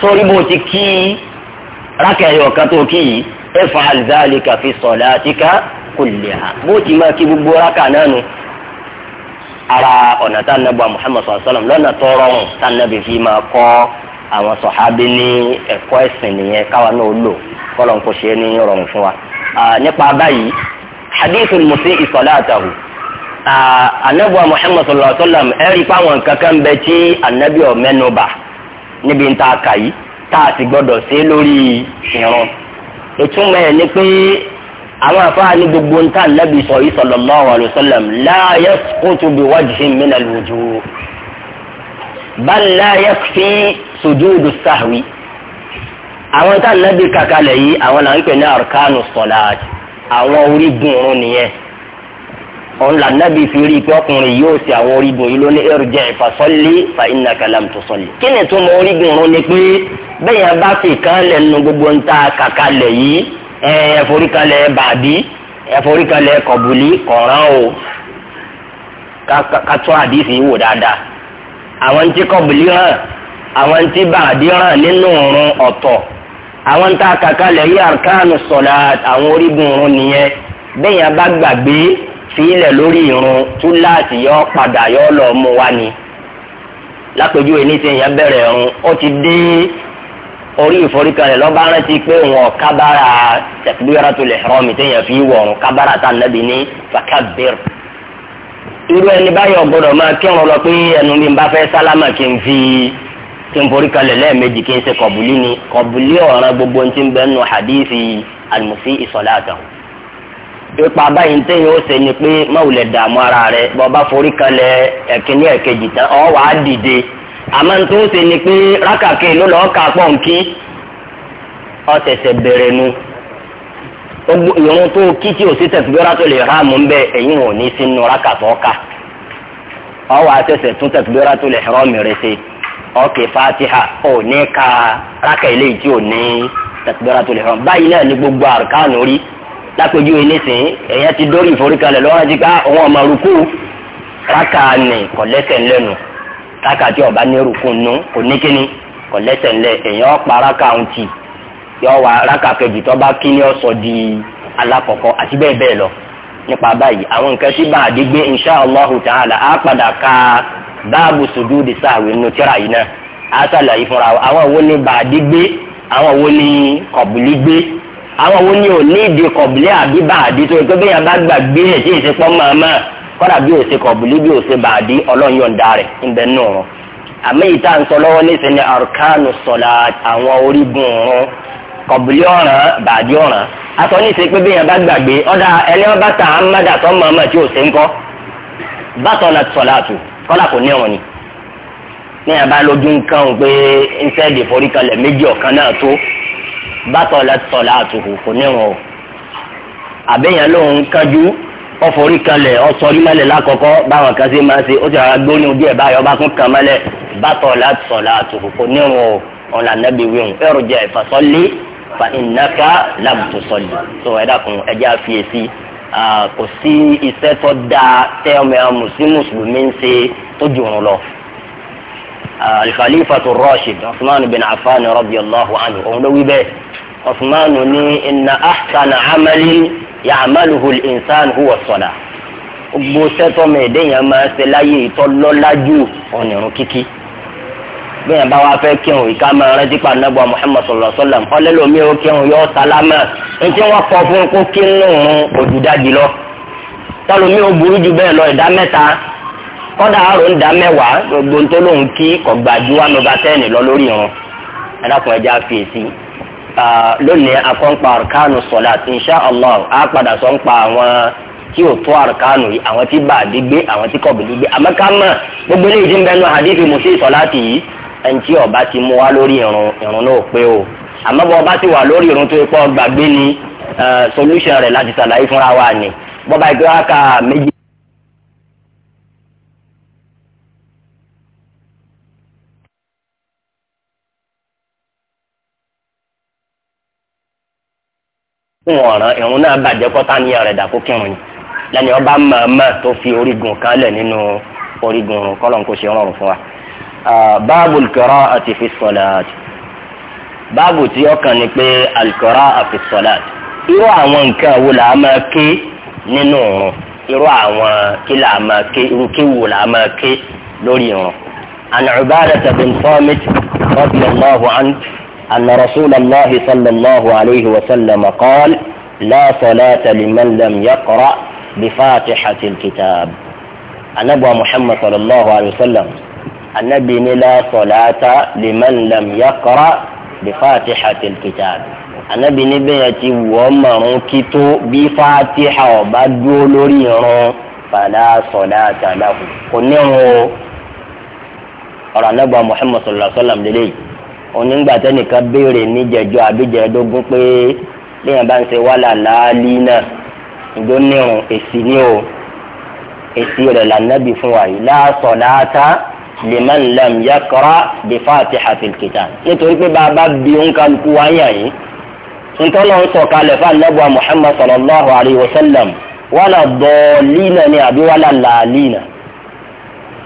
sórí bó ti kí rákà ẹyọ kan tó kí yìí if'al dhalika fi salatika kulliha bó ti máa kí gbogbo rákà náà nù ara ọ̀nà tá nàbí wa muhammad sallallahu alaihi wasallam lọ́nà tó rọrùn tá nàbí fi máa kọ́ àwọn sọ̀hábí ní ẹ̀kọ́ ẹ̀sìn nìyẹn káwa náà lò kọ́lọ̀ ń kó ṣe ní rọrùn fún wa. nípa báyìí hadithul musii salatahu anabi wa sallallahu alaihi wasallam ẹ̀rí pa àwọn kankan bẹ tí anabi ọ̀ mẹ́nu bà níbi ń ta àkà yìí tá a sì gbọdọ̀ ṣe lórí ìrun ìtumọ̀ ẹ̀ ni pé àwọn afáà ní gbogbo ń tà nàbì sọ yìí sallallahu alaihi wasallam la yasqutu bi wajhin min al-wujuh bal la yakfi sujudu sahwi àwọn tá a kàkálẹ̀ yìí àwọn là ń pè ní arkanu salat àwọn orígun òun nìyẹn òun là nàbì fi rí i pé ọkùnrin yóò ṣe àwọn orígun yìí lóní ẹrùjẹ ìfàsọ́lé fa innaka lam tusalli. kí ni tó mọ orígun rún ni pé bẹ́ẹ̀ yẹn bá fi kan lẹ̀ nu gbogbo ń ta kàkà lẹ̀ yìí ẹ̀ẹ́foríkalẹ̀ bàbí ẹ̀ẹ́foríkalẹ̀ kọ̀bùlí kọ̀ọ̀rán o kátó àdìsí wò dáadáa. àwọn tí kọ̀bùlí hàn àwọn tí bàbí hàn nínú òrun ọ̀tọ̀ àwọn tá a kàkà lẹ̀ yìí arkanu salat àwọn orígun rún nìyẹn bẹ́ẹ̀ yẹn fílẹ̀ lórí irun túláàsì yọ padà yọ lọ mú wa ni lápèjúwe ní ti yẹn bẹ̀rẹ̀ irun ó ti dé orí ìforíkalẹ̀ lọ́ba rántí pé wọn kábàrà takbiratul ihram tí yẹn fi wọ̀rùn kábàrà tá nàbí ní fakabbir irú ẹni báyọ̀ gbọ́dọ̀ máa kírun lọ pé ẹnu mi bá fẹ́ sálámà kí n fi kí n forí lẹ́ẹ̀mejì kí n ṣe kọ̀bùlí ni kọ̀bùlí ọ̀ràn gbogbo ti ń bẹ́ẹ̀ nù hadithi al-musii salatahu ipa báyìí téyìn ó ṣe ni pé mọ̀wùlẹ̀ dààmú ara rẹ̀ bọ́ba forí kalẹ̀ ẹ̀kíní ẹ̀kejì tán ọ̀ wàá dìde àmọ́ tó ń ṣe ni pé rákàkè ló lọ́ọ́ kà pọ̀ nkí ọ̀sẹ̀sẹ̀ bẹ̀rẹ̀ nu ìrun tó kí tí òsì tẹ̀síbíọ́rá tó lè rà mú bẹ́ẹ̀ ẹ̀yìn ò ní sínú rákàtọ̀ ọ̀ka ọ̀ wàá ṣẹ̀ṣẹ̀ tún tẹ̀síbíọ́rá tó lè rà mí rẹ̀ ṣe ọ̀kẹ́ fatiha lápẹjù eléṣin eya ti dórí ìforíkalẹ̀ lọ́wọ́ ti ká ah, òun ọmọ rúkú nị ní kọ̀lẹ́sẹ̀ ńlẹ́nu raka tí ọba ní rúkú nù kò ní kíni kọ̀lẹ́sẹ̀ ńlẹ̀ èyàn raka rákà yọ wá raka tọba ọsọ di alakọkọ àti lọ nípa báyìí àwọn nǹkan tí bá insha ta'ala á padà ka báàbù sáàwé tíra yìí náà á sàlàyé fúnra àwọn ni bá àwọn àwọn wo ni ò ní ìdí abi àbí bàdí tó yẹ pé bá gbàgbé ẹ̀ tí èsì pọ́ màmá kọ́dà bí òsè kọ̀bùlẹ́ bí òsè bàdí ọlọ́run yọ̀ǹda rẹ̀ ńbẹ nù wọn. àmì ìta ń sọ lọ́wọ́ ní sẹ́ni arkanu sọ̀la àwọn orígun ọ̀run kọ̀bùlẹ́ ọ̀ràn bàdí ọ̀ràn. aṣọ ní ìsè pé bẹ́ẹ̀ bá gbàgbé ọ̀dà ẹni wọn bá ta tí bàtọ̀ lẹ́tọ̀ láàtúkù kò níwọ̀n o àbẹ̀yẹn lòun kájú ọ̀fọ̀rí kalẹ̀ ọ̀sọ̀rí mẹ́lẹ̀ lákọ̀ọ́kọ́ báwọn kan ṣe máa ṣe ó ti rárá gbóni ojú ẹ̀ báyọ̀ bá tún kàn mẹ́lẹ̀ bàtọ̀ lẹ́tọ̀ láàtúkù kò níwọ̀n o ọ̀nà nàbí wíwọ̀n ẹ̀rù ìfàsọ́lé fa ìnáka làbùtùsọ̀lì tó ẹ dákun ẹjẹ́ àfiyèsí kò sí iṣẹ́ tó dáa tẹ́ ọmọ ẹ̀ Ah, alifalifatu rashid usman bin afaan radiyallahu anhu òun ló wí bẹ́ẹ̀ usman ní inna ahsana amali ya'maluhu al-insan huwa as-salah gbogbo sẹ́tọ́mọ̀ èdè yẹn máa ń ṣe láyé ìtọ́lọ́lájú ọ̀nìrún kíkí bí yẹn bá wá fẹ́ kírun ìka máa rántí pa anábọ̀ muhammad sallallahu alaihi wasallam ọlẹ́lòmí ó kírun yọ sálámà ntí wọ́n kọ fún kó kírun òdùdájì lọ tọ́lùmí ó burú jù bẹ́ẹ̀ lọ ìdá mẹ́ta kọ́dà àrùn ń da mẹ́wàá gbogbo tó lóun kí kọ̀gbàjú wa nọba tẹ́ẹ̀nì lọ lórí irun ẹ̀dàkùn ẹja fèsì lónìí akọ́npa arkanu sọ̀lá insha allah á padà sọ ń pa àwọn tí ò tó arkanu yìí àwọn tí bàbí gbé àwọn tí kọ̀bìlì gbé àmọ́ ká mọ̀ gbogbo eléyìí ti ń bẹnu hadithi musi sọ̀lá tì yìí ẹni tí ọba ti mú wa lórí irun irun náà pé o àmọ́ bọ́ ọba ti wà lórí irun tó ipò gbàgbé ni solution rẹ̀ láti ṣàlàyé fúnra wa ni bọ́ba ìgbéwàká méjì fún ọ̀ràn ìrún náà bàjẹ́ kọ́tà ní ọ̀rẹ́ dàkú kírun ni lẹ́ni ọba mọ̀ọ́mọ̀ tó fi orígun kan lẹ̀ nínú orígun kọ́lọ́n kò ṣe rọrùn fún wa. báàbù al-qira'ati fi s-salat báàbù tí ọkàn ni pé al-qira'ati fi s-salat irú àwọn nǹkan wo là á máa ké nínú òrùn irú àwọn kí là á máa ké irú kí wo là á máa ké lórí òrùn. an Ubadah bin Samit radiyallahu anhu. أن رسول الله صلى الله عليه وسلم قال لا صلاة لمن لم يقرأ بفاتحة الكتاب النبي محمد صلى الله عليه وسلم النبي لا صلاة لمن لم يقرأ بفاتحة الكتاب النبي نبيتي ومن كتو بفاتحة وبدولوري فلا صلاة له قلنا أرى النبي محمد صلى الله عليه وسلم لليه onígbà tẹnìkan béèrè níjẹjọ àbíjẹdógún pé léèyàn bá ń ṣe wàhálà láàlì náà ìjọ nírun èsì ni o èsì rẹ̀ lànàbì fún wa yìí la salata liman lam yaqra bi fatihatil kitab nítorí pé bàbá bí òǹkàlùkù wáyà yìí ntọ́lọ́ ń sọ̀kalẹ̀ fún anábọ̀ muhammad sallallahu alayhi wa sallam wàhálà dọ̀ọ́lìnà ni àbí wàhálà làálìnà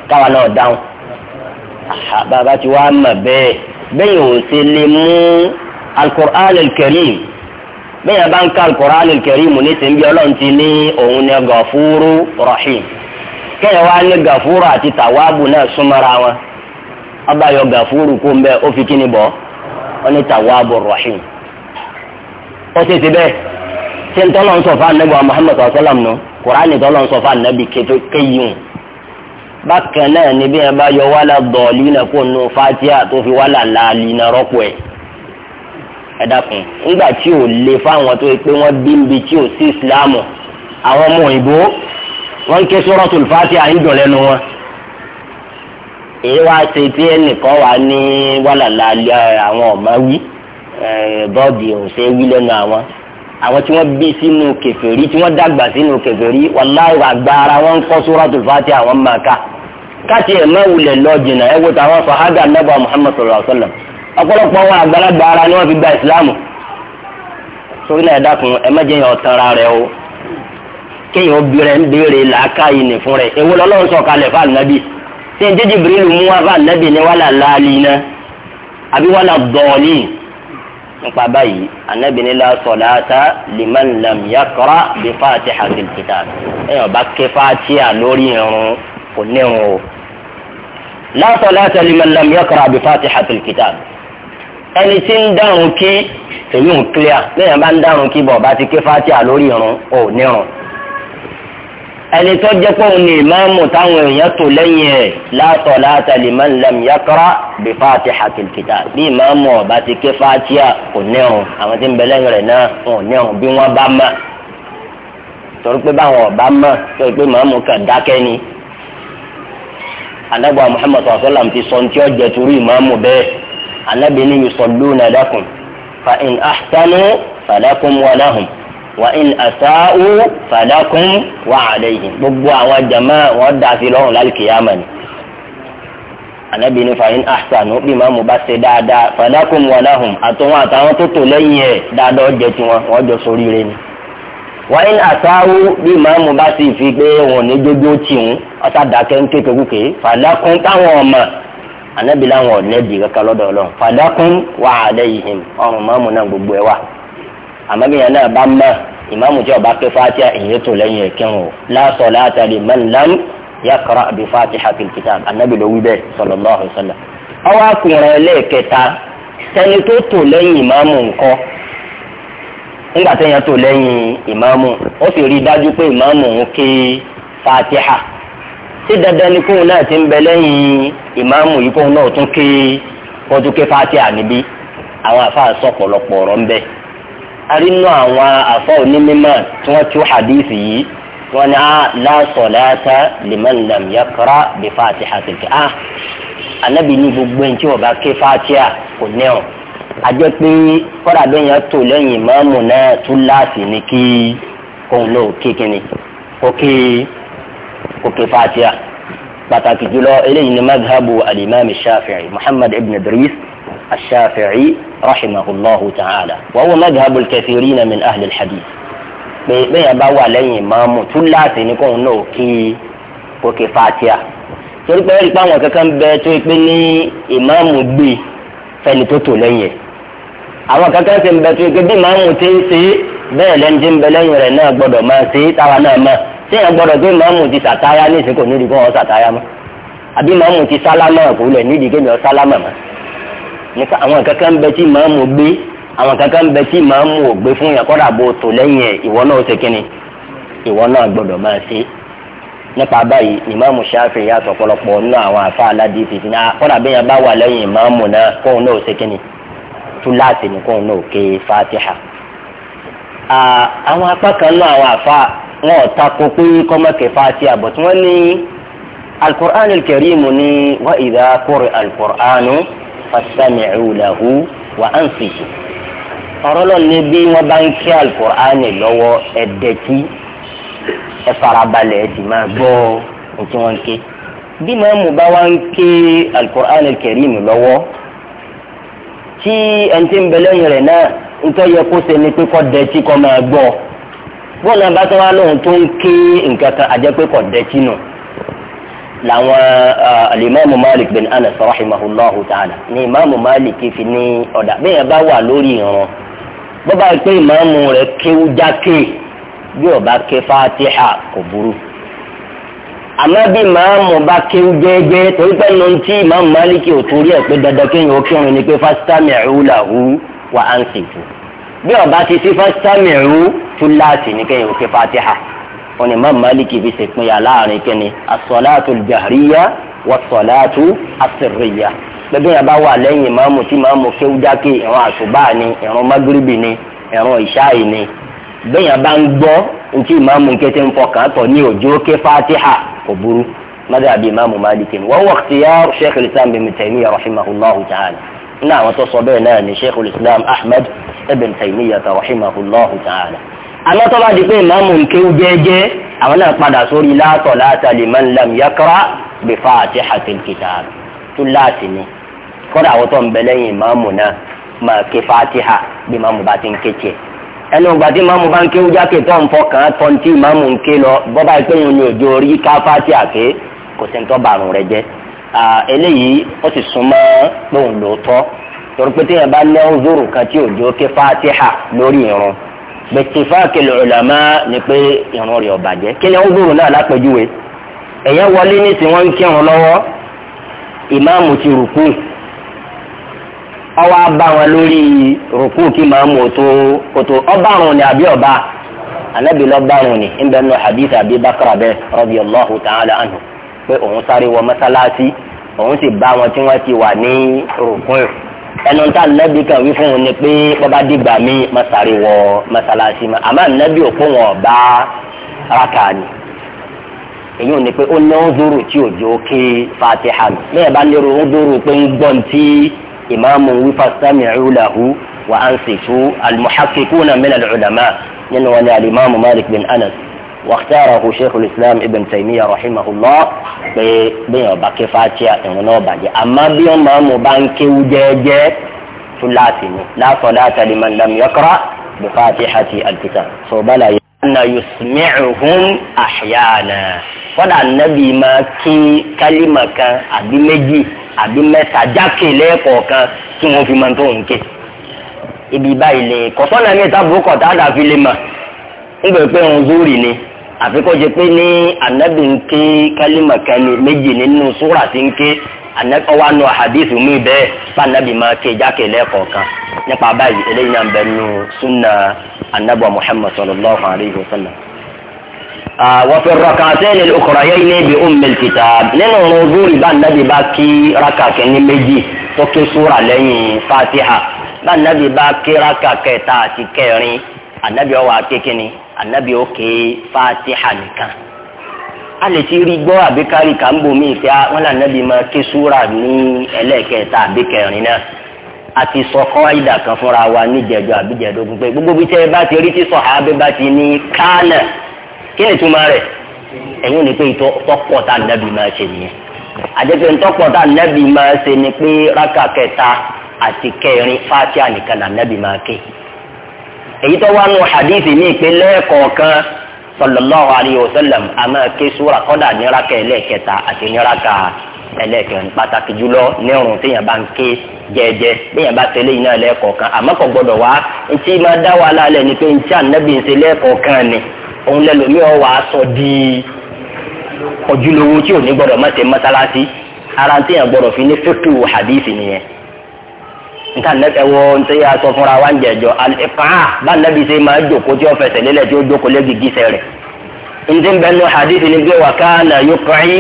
káwa náà dáhùn bàbá tí wàá mọ̀ bẹ́ẹ̀ bẹ́ẹ̀ ò sì lè mú alukur'an alkarim bẹ́ẹ̀ bá ń ka alukur'an alkarim ní ti ń bí ọlọ́run ti ní òun ní gafuru rahim kẹ́yìn wá ní gafuru àti tawaabu náà súnmọ́ra wọn ọba yọ gafuru kó ń bẹ ó fi kíni bọ́ ọ ní tawaabu rahim ó sì ti bẹ́ẹ̀ ṣé ń tọ́lọ́ ń sọ fún anabi wa muhammadu wa sallam nù kur'an ní tọ́lọ́ ń sọ fún anabi kéyìn bákan náà ni bí ẹ bá yọ wàhálà dọ̀ọ̀lì náà kó nu fatia tó fi wàhálà làálì náà rọ́pò ẹ̀ ẹ dákun nígbà tí ò le fáwọn tó yẹ pé wọ́n bí níbi tí ò sí ìsìláàmù àwọn ọmọ òyìnbó wọ́n ń ké suratul fatia ń lẹ́nu wọn èyí wá ṣe tí ẹnìkan wà ní wàhálà làálì àwọn ọ̀mọ́ wí bọ́ọ̀dì ò ṣe wí lẹ́nu àwọn àwọn tí wọ́n bí sínú kèfèrí tí wọ́n dàgbà sínú kèfèrí wàláhì àgbà wọn ń kọ́ suratul àwọn máa ká. káàtì ẹ̀ má wulẹ̀ lọ jìnnà ẹ wo tàwọn sàhábà nàbà Muhammad sallallahu alaihi wasallam ọ̀pọ̀lọpọ̀ àwọn àgbàlagbà ara ni fi gba ìsìláàmù sórí náà dákun ẹ má ara rẹ o kéèyàn obìnrin ń béèrè làákàyè nì fún rẹ èwo lọ́lọ́run sọ kalẹ̀ fún ṣé ń mú fún láàlì iná àbí dọ̀ọ̀lì nípa báyìí bá ké lórí kò ní irun o. la salata liman lam yaqra bi fatihatil kitab ẹni tí ń dárun kí èyí ń clear lẹ́yìn bá ń dárun kí bọ̀ bá ti ké fatiha lórí irun ò ní irun ẹni tó jẹ́ pé òun ni ìmáàmù táwọn èèyàn tó lẹ́yìn ẹ̀ la salata liman lam yaqra bi fatihatil bí ìmáàmù ọ̀bá ti ké fatiha kò nírun àwọn tí ń bẹ lẹ́yìn rẹ̀ náà wọn ò nírun bí wọ́n bá mọ̀ torí pé báwọn ọ̀bá mọ̀ anabu muhammad sallam ti sọ ntí ọjà turu ìmáàmù bẹ́ẹ̀ anabi ni yusalluna lakum fa in ahsanu falakum wa lahum wa in asa'u falakum wa alayhim gbogbo àwọn jama wọn dà sí lọ́rùn lálùkìyàmà ni anabi ni fa in ahsanu bí ìmáàmù bá ṣe dáadáa falakum wa lahum àtúnwọn àtàwọn tó tò lẹ́yìn ẹ̀ dáadáa ọjà tiwọn wọn wa in asa'u bí ìmáàmù bá fi pé wọn ò ní jójó ọ̀tá dàkẹ́ ń ké kékuké fàdákùn táwọn ọmọ anabi làwọn ọ̀nẹ́bì kankan lọ́dọ̀ ọlọ́run fàdákùn wà á dẹ́ yìí hìm ọrùn mọ́mù náà gbogbo ẹ̀ wà àmọ́bìyàn náà bá mọ́ ìmáàmù tí ọba ké fatiha èyí tó lẹ́yìn ẹ̀kẹ́hùn la salata liman lam yaqra bi fatihatil kitab anabi ló wí bẹ́ẹ̀ sallallahu alaihi wasallam ọwọ́ akùnrin ẹlẹ́ẹ̀kẹta sẹni tó tò lẹ́yìn ìmáàmù ńkọ́ nígbà tẹ́yìn fatiha ṣé dandan ni kóun náà ti ń bẹ lẹ́yìn ìmáàmù yìí kóun náà tún ké wọ́n tún ké fatiha níbí àwọn àfáà sọ pọ̀lọpọ̀ ọ̀rọ̀ ń bẹ. arínú àwọn àfọ onímọ̀ tí wọ́n tú hadith yìí wọ́n ní a ah, la salata liman lam yaqra bi fatihatil ah anabi ní gbogbo ẹni tí wọ́n bá ké fatiha kò ní ọ̀ àjẹ́ pé kọ́dà bẹ́ẹ̀ yẹn tó lẹ́yìn ìmáàmù náà tún láàsì ní kí kóun náà òkè fatiha pàtàkì jùlọ eléyìí ni madhabu alimami shafi'i muhammad ibn idris الشافعي رحمه الله تعالى وهو مذهب الكثيرين من أهل الحديث bẹ́ẹ̀ bá wà lẹ́yìn ìmáàmù túláàsì ní kóun náà kí òkè fatia torí pé ẹ̀rí páwọn kankan bẹ tó pé ní ìmáàmù gbé fẹni tó tò lẹ́yìn ẹ̀ àwọn kankan sì ń bẹ tó pé bí ìmáàmù ti ń ṣe bẹ́ẹ̀ lẹ́ni tí ń bẹ lẹ́yìn rẹ̀ náà gbọ́dọ̀ máa ṣe táwa náà máa. sẹ́yìn gbọ́dọ̀ pé mọ́mù ti sàtáyà ní ìsìnkò nídìí kọ́ ọ sàtáyà mọ. àbí mọ́mù ti sálámà kò lẹ̀ nídìí ọ sálámà mọ́ nípa àwọn kankan bẹ tí gbé àwọn kankan bẹ tí mọ́mù ò gbé fún yẹn kọ́dà bó tò lẹ́yìn ẹ̀ ìwọ náà ṣe ìwọ náà gbọ́dọ̀ máa ṣe nípa báyìí ṣáfì nínú àwọn aládìí náà bá wà wọn ò takò pé kọ́mọ̀kẹ́ Fatiha but wọ́n ní alukur'an kẹrìmù ní wa idha quri'a alukur'an fastami'u lahu wa ansitu ọ̀rọ̀ náà ní bí wọ́n bá ń kí alukur'an lọ́wọ́ ẹ̀dẹ́tì ẹ farabalẹ̀ ẹ sì máa gbọ́ ohun tí ké bí màmú bá wá ń ké alukur'an kẹrìmù lọ́wọ́ tí ẹni tí ń bẹ lẹ́yìn rẹ̀ náà ń tọ́ yẹ kó ṣe ni pé kọ́ dẹ́tì kọ́ máa gbọ́ ọ bọ́ọ̀lù náà bá tẹ́ wá lóhun tó ń ké nǹkan kan àjẹpẹ́ kọ̀ dẹ́tí nù làwọn alimami malik bin anas rahimahullahu ta'ala ni imaamu malik fi ní ọ̀dà bẹ́ẹ̀ bá wà lórí ìran bọ́ba pé imaamu rẹ̀ kéwú jákè bí ọba ké fatiha kò burú àmọ́ bí màámu bá kéwú jẹ́ẹ́jẹ́ torí pé nu tí imaamu malik ò torí ẹ̀ pé dandan kéèyàn ó kírun ni pé fásitì àmì ẹ̀rú wà á ń sèkú bí ọba ti sí fásitàmìrú túláàsì ní kẹyìn òkè fatiha wọn ni má maliki fi ṣèpinya láàrin kẹni asọláàtú jahriya wasọláàtú asirriya gbẹgbẹ yẹn bá wà lẹ́yìn ìmáàmù tí ìmáàmù kéwú jákè ìrun àṣùbà ni ìrun magiribi ni ìrun ìṣáì ni bẹ́ẹ̀ yẹn bá ń gbọ́ ntí ìmáàmù kété ń fọkàn tọ̀ ní òjò ké fatiha kò burú madhabi ìmáàmù maliki ni wọ́n wọ́n ti yá sheikh al-islam bin taymiya rahimahullahu ta'ala ní àwọn tó sọ bẹ́ẹ̀ náà ni sheikhul islam ahmed ibn taymiyyah rahimahullahu ta'ala àmọ́ tó bá di pé ìmáàmù nkéwú jẹ́ẹ́jẹ́ àwọn náà padà sórí la salata liman lam yaqra bi fatihatil kitab tó láti ni kọ́dà àwọn tó ń bẹ lẹ́yìn ìmáàmù náà máa ké fatiha bí ìmáàmù bá ti ń ké tiẹ̀ ẹnu ìgbà tí ìmáàmù bá ń ké wújáké tó ń fọkàn tó ń tí ìmáàmù ń lọ bọ́bá eléyìí ó ti súnmọ́ lóhùn lóòótọ́ torí pé téèyàn bá ní ọ̀zọ́rù kan tí òjò ké fatiha lórí irun bẹ̀tìfáàkì lọ́lọ́mà ni pé irun rẹ̀ ọ̀bàjẹ́ kí ni ọ̀zọ́rù náà lápẹ̀júwe ẹ̀yẹ́ wọlé ní tí wọ́n ń kírun lọ́wọ́ ìmáàmù ti rùkú ọwọ́ bá wọn lórí rùkú kí màmú tó kótó ọbaàrùn ni àbí ọba ànábì lọ́baàrùn ni ń bẹ́ẹ̀ nù hadith Abi Bakra bẹ́ẹ̀ radiyallahu ta'ala anhu pé òun sáré wọ mọ́sálásí òun sì bá wọn tí wọ́n ti wà ní rògbòn ẹnu tá nẹ́bí kan wí fún un ni pé bọ́bá dìgbà mi má sáré wọ mọ́sálásí mọ́ àmọ́ nẹ́bí òkú wọn bá rákà ni èyí ò ní pé ó ní ó dúró tí òjò ké fatiha mi bẹ́ẹ̀ bá lérò ó dúró pé ń gbọ́n tí ìmáàmù wí fastami'u lahu wa ansitu al-muhaqqiquna min al-ulama nínú wọn ni al Malik bin Anas واختاره شيخ الاسلام ابن تيميه رحمه الله pé bẹ́ẹ̀ ọba ké fatia ìrún náà bàjẹ́ àmọ́ bí wọ́n máa mú bá ń kéwú jẹ́ẹ́jẹ́ túláàsì ni la salata liman lam yaqra bi fatihati al-kitab sọ̀bálà yìí. anna yusmi'uhum ahyana kọ́dà nàbì máa kí kálímà kan àbí méjì àbí mẹ́ta jákè lẹ́ẹ̀kọ̀ọ̀kan tí wọ́n fi máa tó ń ké. ibi báyìí lè kọ́sọ́nà mi ta burúkọ̀ tá a dà fi lè mà níbẹ̀ pé òun zúrì ni àfi kó jẹ́ pé ní anabi ń ké kálímà kálí méjì nínú súrà tí ń ké ọwọ́ àánú àhàdìsì mi bẹ́ẹ̀ bá anabi máa ké jákè lẹ́ẹ̀kọ̀ọ̀kan nípa báyìí eléyìí náà ń bẹ nínú súnà anabi muhammad sallallahu alayhi wa sallam. وفي الركعتين الأخريين بأم الكتاب nínú zúrì bá anabi bá kí rákà kẹ́ni méjì tó ké súrà lẹ́yìn fatiha bá anabi bá kí rákà kẹta àti kẹrin anabi ó wá ké anabi ó ké fatiha nìkan a lè ti rí gbọ́ àbíkárí kàńbó mi ìfẹ́ wọn là anabi máa ké súra ní ẹlẹ́ẹ̀kẹta àbíkẹrin náà a ti sọ kọ́ìdà kan fúnra wa níjẹ̀dọ̀ àbíjẹ̀dógún pé gbogbo bí tẹ́ ẹ bá ti rí tí sọ̀hábẹ́ bá ti ní kánà kí ni túmọ̀ rẹ̀ ẹ̀yin ni pé ìtọ́pọ̀ tá anabi máa ṣe nìyẹn àjẹpẹ́ ìtọ́pọ̀ tá anabi máa ṣe ni pé rákà àti kẹrin fatiha nìkan là anabi máa ké èyí tó wá nù hadithi ní ìpínlẹ̀ kọ̀ọ̀kan sallallahu alayhi wa sallam a máa ké súra kọ́dà níraka ẹlẹ́ẹ̀kẹta àti níraka ẹlẹ́ẹ̀kẹrin pàtàkì jùlọ nírun téèyàn bá ń ké jẹ́ẹ́jẹ́ téèyàn bá tẹ̀lé iná lẹ́ẹ̀kọ̀ọ̀kan àmọ́ kò gbọ́dọ̀ wá ntí máa dá wa lálẹ́ ni pé ntí ànábì ń ṣe lẹ́ẹ̀kọ̀ọ̀kan ni òun lẹ́lòmíì ọ̀ wá sọ di ojúlówó tí ò ní gbọ́dọ̀ má ṣe mọ́sálásí ara téèyàn gbọ́dọ̀ fi ní fíkù hadithi nìyẹn nta nẹfẹ wo nse yà sọ fúnra wa ń jẹjọ alifaa bá nàbí sè máa jòkó tí ó fẹsẹ̀ lélẹ̀ tí ó jòkó lé gidi sẹ rẹ nti bẹ nu hadithi ni pé wà ká na yóò kọ́yí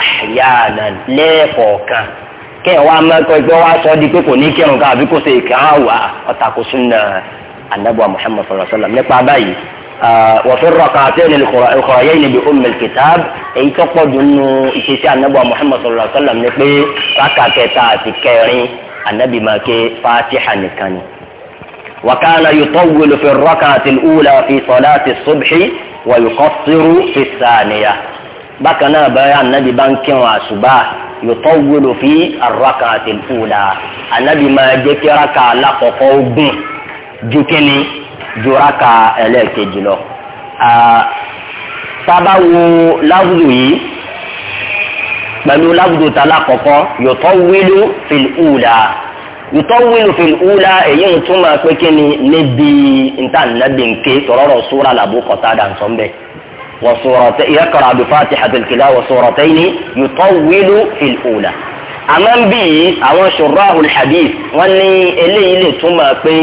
àyànà lẹ́ẹ̀kọ̀ọ̀kan kẹ́ ẹ̀ wá mẹ́kọ̀ ẹgbẹ́ wa sọ di pé kò ní kírun ká àbí kò ṣe kàn wá ọ̀tàkùn sunna anabu muhammad sallallahu nípa báyìí wọ́n kàtẹ́ ní ìkọ̀rọ̀yẹ́ ní bí ummul kitab èyí tó pọ̀ dùn ìṣesí anabu muhammad sallallahu alaihi wa sallam ní pé rákàkẹ́ta kẹrin anabi máa ké fatiha nìkan ni. وكان يطول في الركعة الأولى في صلاة الصبح ويقصر في الثانية بكنا بيان النبي بانكين وعسباه يطول في الركعة الأولى النبي ما جيك ركع لقفوق جكني جركع إليك جلو آه سبعو لفظي pẹ̀lú lábùdó tala kọ̀kọ́ yòtọ́ wílú fìlúùlà yòtọ́ wílú fìlúùlà èyí ń túmọ̀ pé kí ni níbi níta nàbì nké tọ̀rọ̀rọ̀ sóra làbó kọ́tà dànsọ́nbẹ́ wọ́sọ̀rọ̀tẹ́ ìyẹ́kọ̀rọ̀ àbí fatihatul kila wọ́sọ̀rọ̀tẹ́ ni yòtọ́ wílú fìlúùlà àmọ́ ń bí àwọn shurahul hadith wọ́n ní eléyìí lè túmọ̀ pé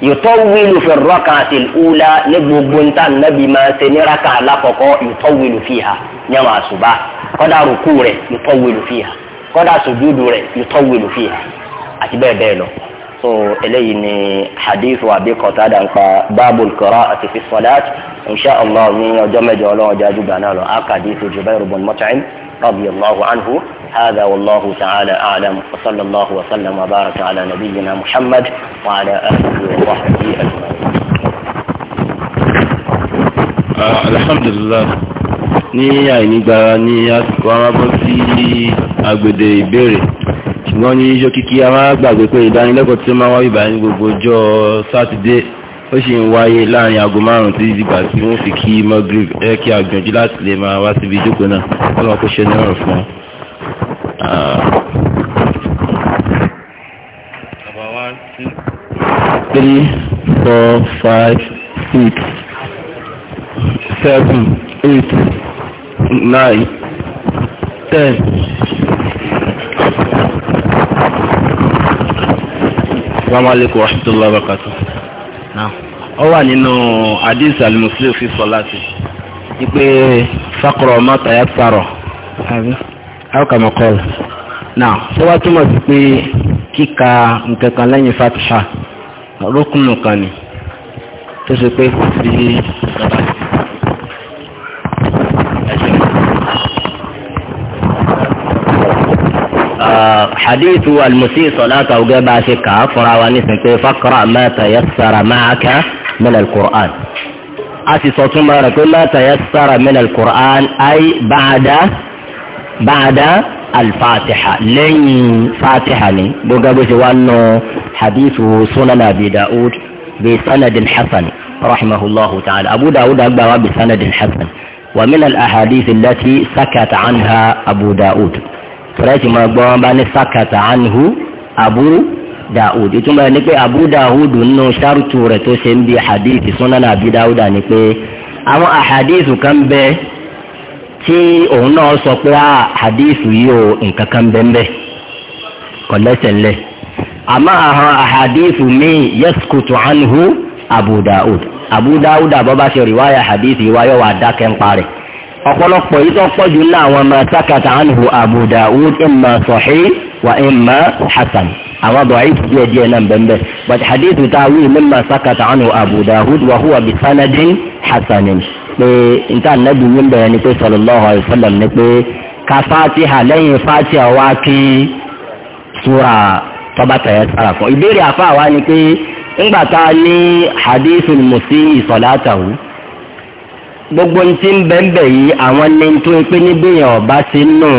yutawwilu fi rak'ati al-ula ní gbogbo ntá nàbí máa ṣe ní raka alákọ̀ọ́kọ́ yutawwilu fiha nyama àṣùbà kọ́dà rúkú rẹ̀ yutawwilu fiha kọ́dà sùjúdù rẹ̀ yutawwilu fiha àti bẹ́ẹ̀ bẹ́ẹ̀ lọ. so eléyìí ni hadithu Abi Qatada ń pa babul qira'ati fi salat insha allah ní ọjọ́ mẹ́jọ ọlọ́run jájú gbà náà lọ akadithu Jubayr ibn Mut'im radiyallahu anhu. هذا والله تعالى أعلم وصلى الله وسلم وبارك على نبينا محمد وعلى آله وصحبه أجمعين alhamdulillah ní àìnígbára ní àsìkò arábọ́ sí agbèdè ìbéèrè ṣùgbọ́n ní yíṣọ́ kíkí a máa gbàgbé pé ìdánilẹ́kọ̀ọ́ tí ó máa wáyé báyìí gbogbo ọjọ́ sátidé ó sì ń wáyé láàrin aago márùn tí ìdìgbà tí wọ́n fi kí mọ́gírì ẹ́ kí a gbìyànjú láti lè máa wá síbi ìjókòó náà three four five six seven eight nine ten. Assalamu alaikum wa rahmatullahi wa barakatuh. Ó wà nínú Hadith al-Muslim fi Salati. Ipe fakọrọ mọ́tàyà sàrọ̀ àwòkàmọ̀ kọ́ọ̀lù náà tó wá túmọ̀ sí pé kíka nǹkan kan lẹ́yìn fatiha rúkúnù kan ni tó ṣe pé kò sí ìjọba حديث المسيء صلاته وجاب شكا فرا ونسن فقرا ما تيسر معك من القرآن أسي صوتما ما تيسر من القرآن أي بعد bàdà alfatiha lẹ́yìn fatiha ni gbogbo bó ṣe wá nù hadithu sunan abi da'ud bi sanadin hasan rahimahullahu ta'ala abu da'ud agba wa bi sanadin hasan wa min al ahadith allati sakata anha abu da'ud fúrẹ́sì máa gbọ́ wọn bá ní sakata anhu abu da'ud ìtumọ̀ ni pé abu da'ud nù sharutu rẹ̀ tó ṣe ń bi hadith sunan abi ni pé àwọn ahadith kan bẹ́ẹ̀ tí òun náà sọ pé àdìsù ah, yìí ò nǹkan kan bẹ́ẹ̀ kò lẹ́sẹ̀ ńlẹ̀ àmọ́ àwọn àhàdìsù míì yẹ́sùkùtù ànhu Abu Daud Abu Daud àbọ̀bá ṣe rìwáyà àdìsù yìí wáyọ̀ wà dákẹ́ ńpa rẹ̀ ọ̀pọ̀lọpọ̀ yìí tó pọ̀jù ní àwọn ọmọ sákàtà ànhu Abu Daud imma sahih wa hasan àwọn da'if díẹ̀ díẹ̀ náà bẹ́ẹ̀ but hadithu táwí mimma sákàtà ànhu Abu Daud wa huwa bisanadin hasanin. pé níta nẹ́bí yín bẹ̀rẹ̀ ni pé sallallahu alaihi ni pé ka fatiha lẹ́yìn fatiha wa kí sura tọ́bátẹ̀ sára kan ìbéèrè àfa wa ni pé ńgbà tá gbogbo ń ti ń bẹ́ńbẹ́ yìí àwọn tó ń ọba ti ń nù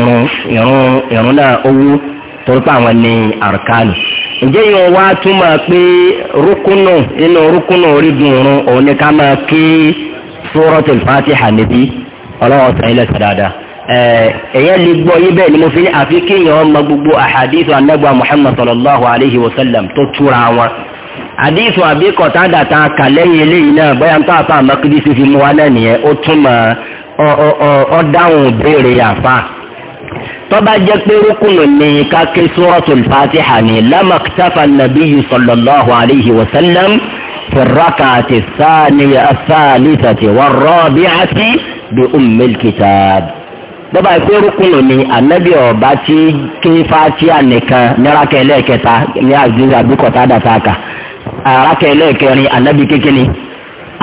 irun irun àwọn ǹjẹ́ yìí wọ́n wá túmọ̀ pé rúkúnù rúkúnù orígun irun òun ni Suratul Fatiha níbí ọlọ́wọ́ sàn ilẹ̀ sàdáadáa ẹ̀yẹ́ lè gbọ́ yí bẹ́ẹ̀ ni mo fi ní àfi kéèyàn ọmọ gbogbo àhàdíìsù anábọ̀ Muhammad sallallahu alayhi wa sallam tó túra wọn àdíìsù àbí kọ̀tádà tá a kà lẹ́yìn eléyìí náà bóyá ń tó àfa àmọ́kídísì fi mú wa náà nìyẹn ó túmọ̀ ọ dáhùn béèrè àfa tọ́ba jẹ́ pé rúkùnù ní káké Suratul Fatiha ní lámàkítàfà nàbíyù sallallahu alayhi wa sallam في الركعة الثانية الثالثة والرابعة بأم الكتاب bọ́bá ìpé rúkúnù ni ànábì ọ̀bá tí kí fátíà nìkan ní rákẹ́ lẹ́ẹ̀kẹta ní àjíjì àbíkọ̀tà dàtàkà rákẹ́ lẹ́ẹ̀kẹrin ànábì kékeré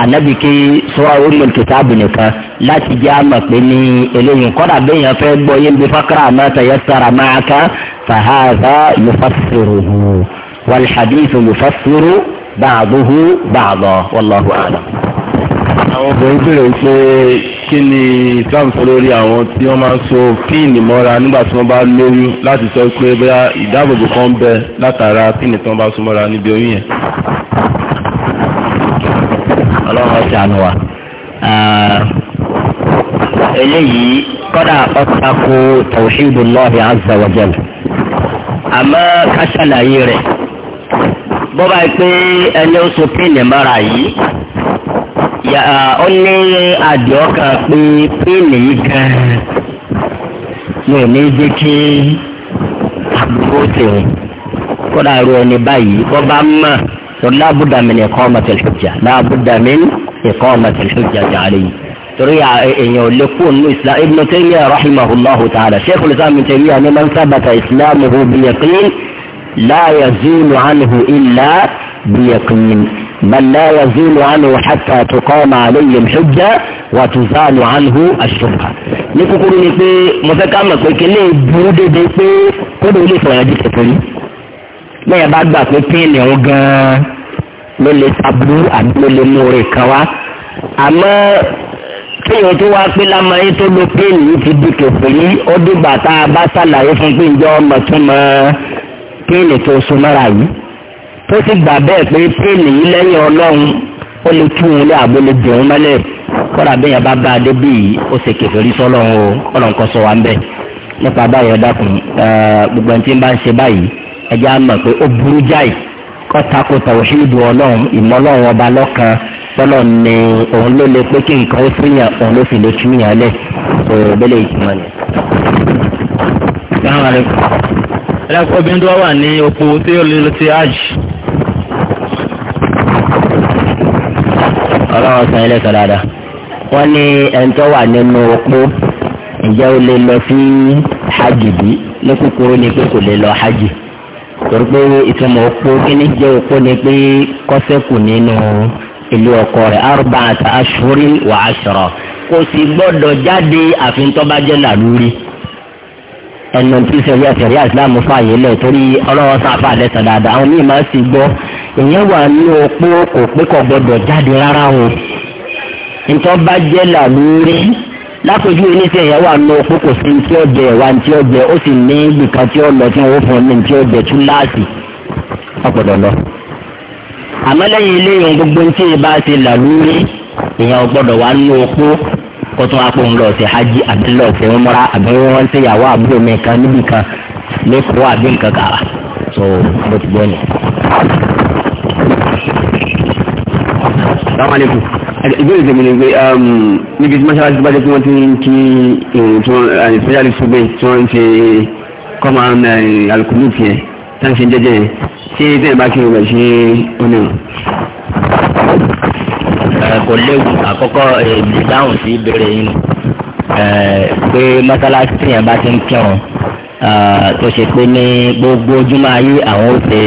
ànábì kí sura Ummul Kitab nìkan láti jẹ́ àmọ̀ pé ní eléyìí kọ́dà béèyàn fẹ́ gbọ́ yín bí faqra ma tayassara ma'aka fa hadha yufassiruhu wal hadithu yufassiru ba'duhu ba'dan wallahu a'lam. àwọn obìnrin pé kí ni islam sọ lórí àwọn tí máa ń so píìnì mọra nígbà tí wọ́n bá lóyún láti sọ pé bóyá ìdáàbòbò kan bẹ látara píìnì tí wọ́n bá so mọ́ra níbi oyún yẹn. ọlọ́run ọ̀sẹ̀ àná wa eléyìí kọ́dà ọ̀tàkù tawhidullahi azza wa àmọ́ rẹ̀ bọ́ba yìí pé ẹni ó so píìnì mọ́ra yìí ó ní àdìọ́ kan pé píìnì yìí gan mi ò ní jẹ́ kí àbúrò tèun kódà ru ẹni báyìí bọ́ba mọ̀ tó lábúdà mi ní ẹ̀kọ́ ọmọ tẹ̀lé ìjà lábúdà mi ní ẹ̀kọ́ ọmọ tẹ̀lé ìjà jàre yìí torí èèyàn ò lè kúrò nínú islam ibn taymiyyah rahimahullahu ta'ala sheikhul islam ibn taymiyyah ni man sábàtà islam hu bi لا يزيل عنه إلا بيقين بل لا يزيل عنه حتى تقام عليه الحجة وتزال عنه الشبهة ní kúkúrú ni pé mo fẹ́ ká mọ̀ pé kíní burú dédé pé kódò ó lè sọ̀rọ̀ di kẹfẹ́rí lẹ́yìn bá gbà pé pínlẹ̀ ọ̀hún gan-an ló lè saburú àbí ló lè mú orí kan wá àmọ́ kéèyàn tó wá pé lámọ́yé tó lo pínlẹ̀ yìí ti di kẹfẹ́rí ó dìgbà tá a bá ṣàlàyé fún pé ǹjọ́ péènì tó so mọ́ra yìí tó sì gbà bẹ́ẹ̀ pé péènì yìí lẹ́yìn ọlọ́run ó lè tú òun lé àbó lè dè òun mọ́lẹ̀ kọ́ra bẹ́yẹn bá bá a dé bí yìí ó ṣe kèfèrí sọ́lọ́run o ọlọ́run kan sọ wá ń bẹ̀ nípa báyìí ẹ gbogbo ẹni tí ń bá ń ṣe báyìí ẹjẹ́ á mọ̀ pé ó burú jáì kọ́ tako tàwùsíìdù ọlọ́run ìmọ̀ ọlọ́run ọba lọ́kan tọ́lọ̀ ni òun ló lè pé kí nǹkan ó fìyàn òun ló sì lè túyàn lẹ̀ tó bẹ́lẹ̀ ìtumọ̀ ni. ẹlẹ́kọ̀ọ́ bí ń dọ́ wà ní opó tí ó lè ti hajj. ọlọ́run san ilé dáadáa wọ́n ní ẹ̀ńtọ́ wà nínú opó ó lè lọ sí hajj bí ní pé kò lè lọ hajj torí pé ìtumọ̀ opó kíní jẹ́ opó pé kọ́sẹ́kù nínú ìlú ọkọ rẹ̀ wa kò sì gbọ́dọ̀ jáde àfi bá jẹ́ ẹnu tí sẹ́yìn ẹ̀sẹ̀rí àìsílámù fààyè lẹ̀ torí ọlọ́wọ́ sáfà lẹ́sẹ̀ dáadáa àwọn míì máa ń sì gbọ́ ìyẹn wà ní opó kò pé kò gbọdọ̀ jáde rárá o ntọ́ bá jẹ́ làlúrí lápèjú oníṣẹ́ ìyẹn wà ní opó kò sí ntí ọbẹ̀ wà ntí ọbẹ̀ ó sì ní ibìkan tí ó lọ tí wọ́n fún ní ntí ọbẹ̀ tún láàsì ọ̀pọ̀lọ̀ lọ. àmọ́ lẹ́yìn ilé ìyẹn gbogbo ntí ìbá ṣe làlúrí ìyẹn ọgbọ́dọ̀ wà ní opó kótó wa kó ń lọ sí hajj àbí lọ sí umra àbí wọn ṣe yàwó àbúrò mi níbi kan lẹ́kọ̀ọ́ àbí nǹkan kàrà so bó ti gbọ́ ni. Assalamu alaikum ìbéèrè tèmi ni pé um, níbi tí mọ́ṣáláṣí bá jẹ́ pé wọ́n ti ń kí ìrìn tí wọ́n àti especially sóbè tí wọ́n ń kọ́mọ alukùnú tiẹ̀ tá ń ṣe jẹ́jẹ́ ṣé tẹ́yìn bá kí ìrìn rẹ̀ ṣe ó ní wọn. Eh, kò léwu àkọ́kọ́ èmi eh, dáhùn sí ìbéèrè yìí nù eh, pé mọ́sálásí tìyẹn bá ti ń kírun ah, tó ṣe pé ní gbogbo ojúmọ́ ayé àwọn ò ṣe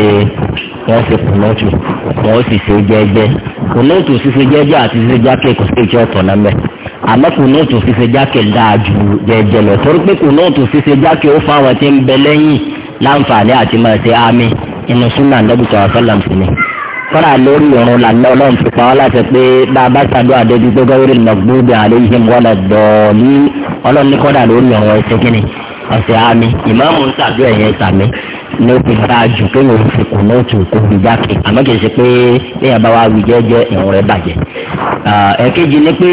wọ́n ṣe kùnọ́tù wọ́n ó sì ṣe jẹ́jẹ́ kùnọ́tù ṣíṣe jẹ́jẹ́ àti ṣíṣe jákè kò sí ìṣe ọ̀tọ̀ náà mẹ́ àmọ́ kùnọ́tù ṣíṣe jákè dáa ju jẹ́jẹ́ lọ torí pé kùnọ́tù ṣíṣe jákè ó fáwọn tí ń bẹ lẹ́yìn láǹfààní àti máa ṣe àmì inú súnà nẹ́bùtà ọ̀sán làǹfààní fọ́nà lórí ìrún lànà ọlọ́run ti pa ọ́ láti pé bá a bá ṣàdúrà débi gbogbo orí lọ́gbọ́dọ̀ àléhìn wọ́lẹ̀ dọ̀ọ́lí ọlọ́run ní kọ́dà lórí ìrún ẹ̀sìn kínní ọ̀sẹ̀ àmì ìmáàmù ń ṣàdúrà ẹ̀yẹn ìsàmì ní o ti ta jù pé o fi kù náà kó fi jáde àmọ́ kìí ṣe pé kéèyàn bá wa wí jẹ́jẹ́ ìrún rẹ̀ bàjẹ́. ẹ̀ẹ̀kejì ni pé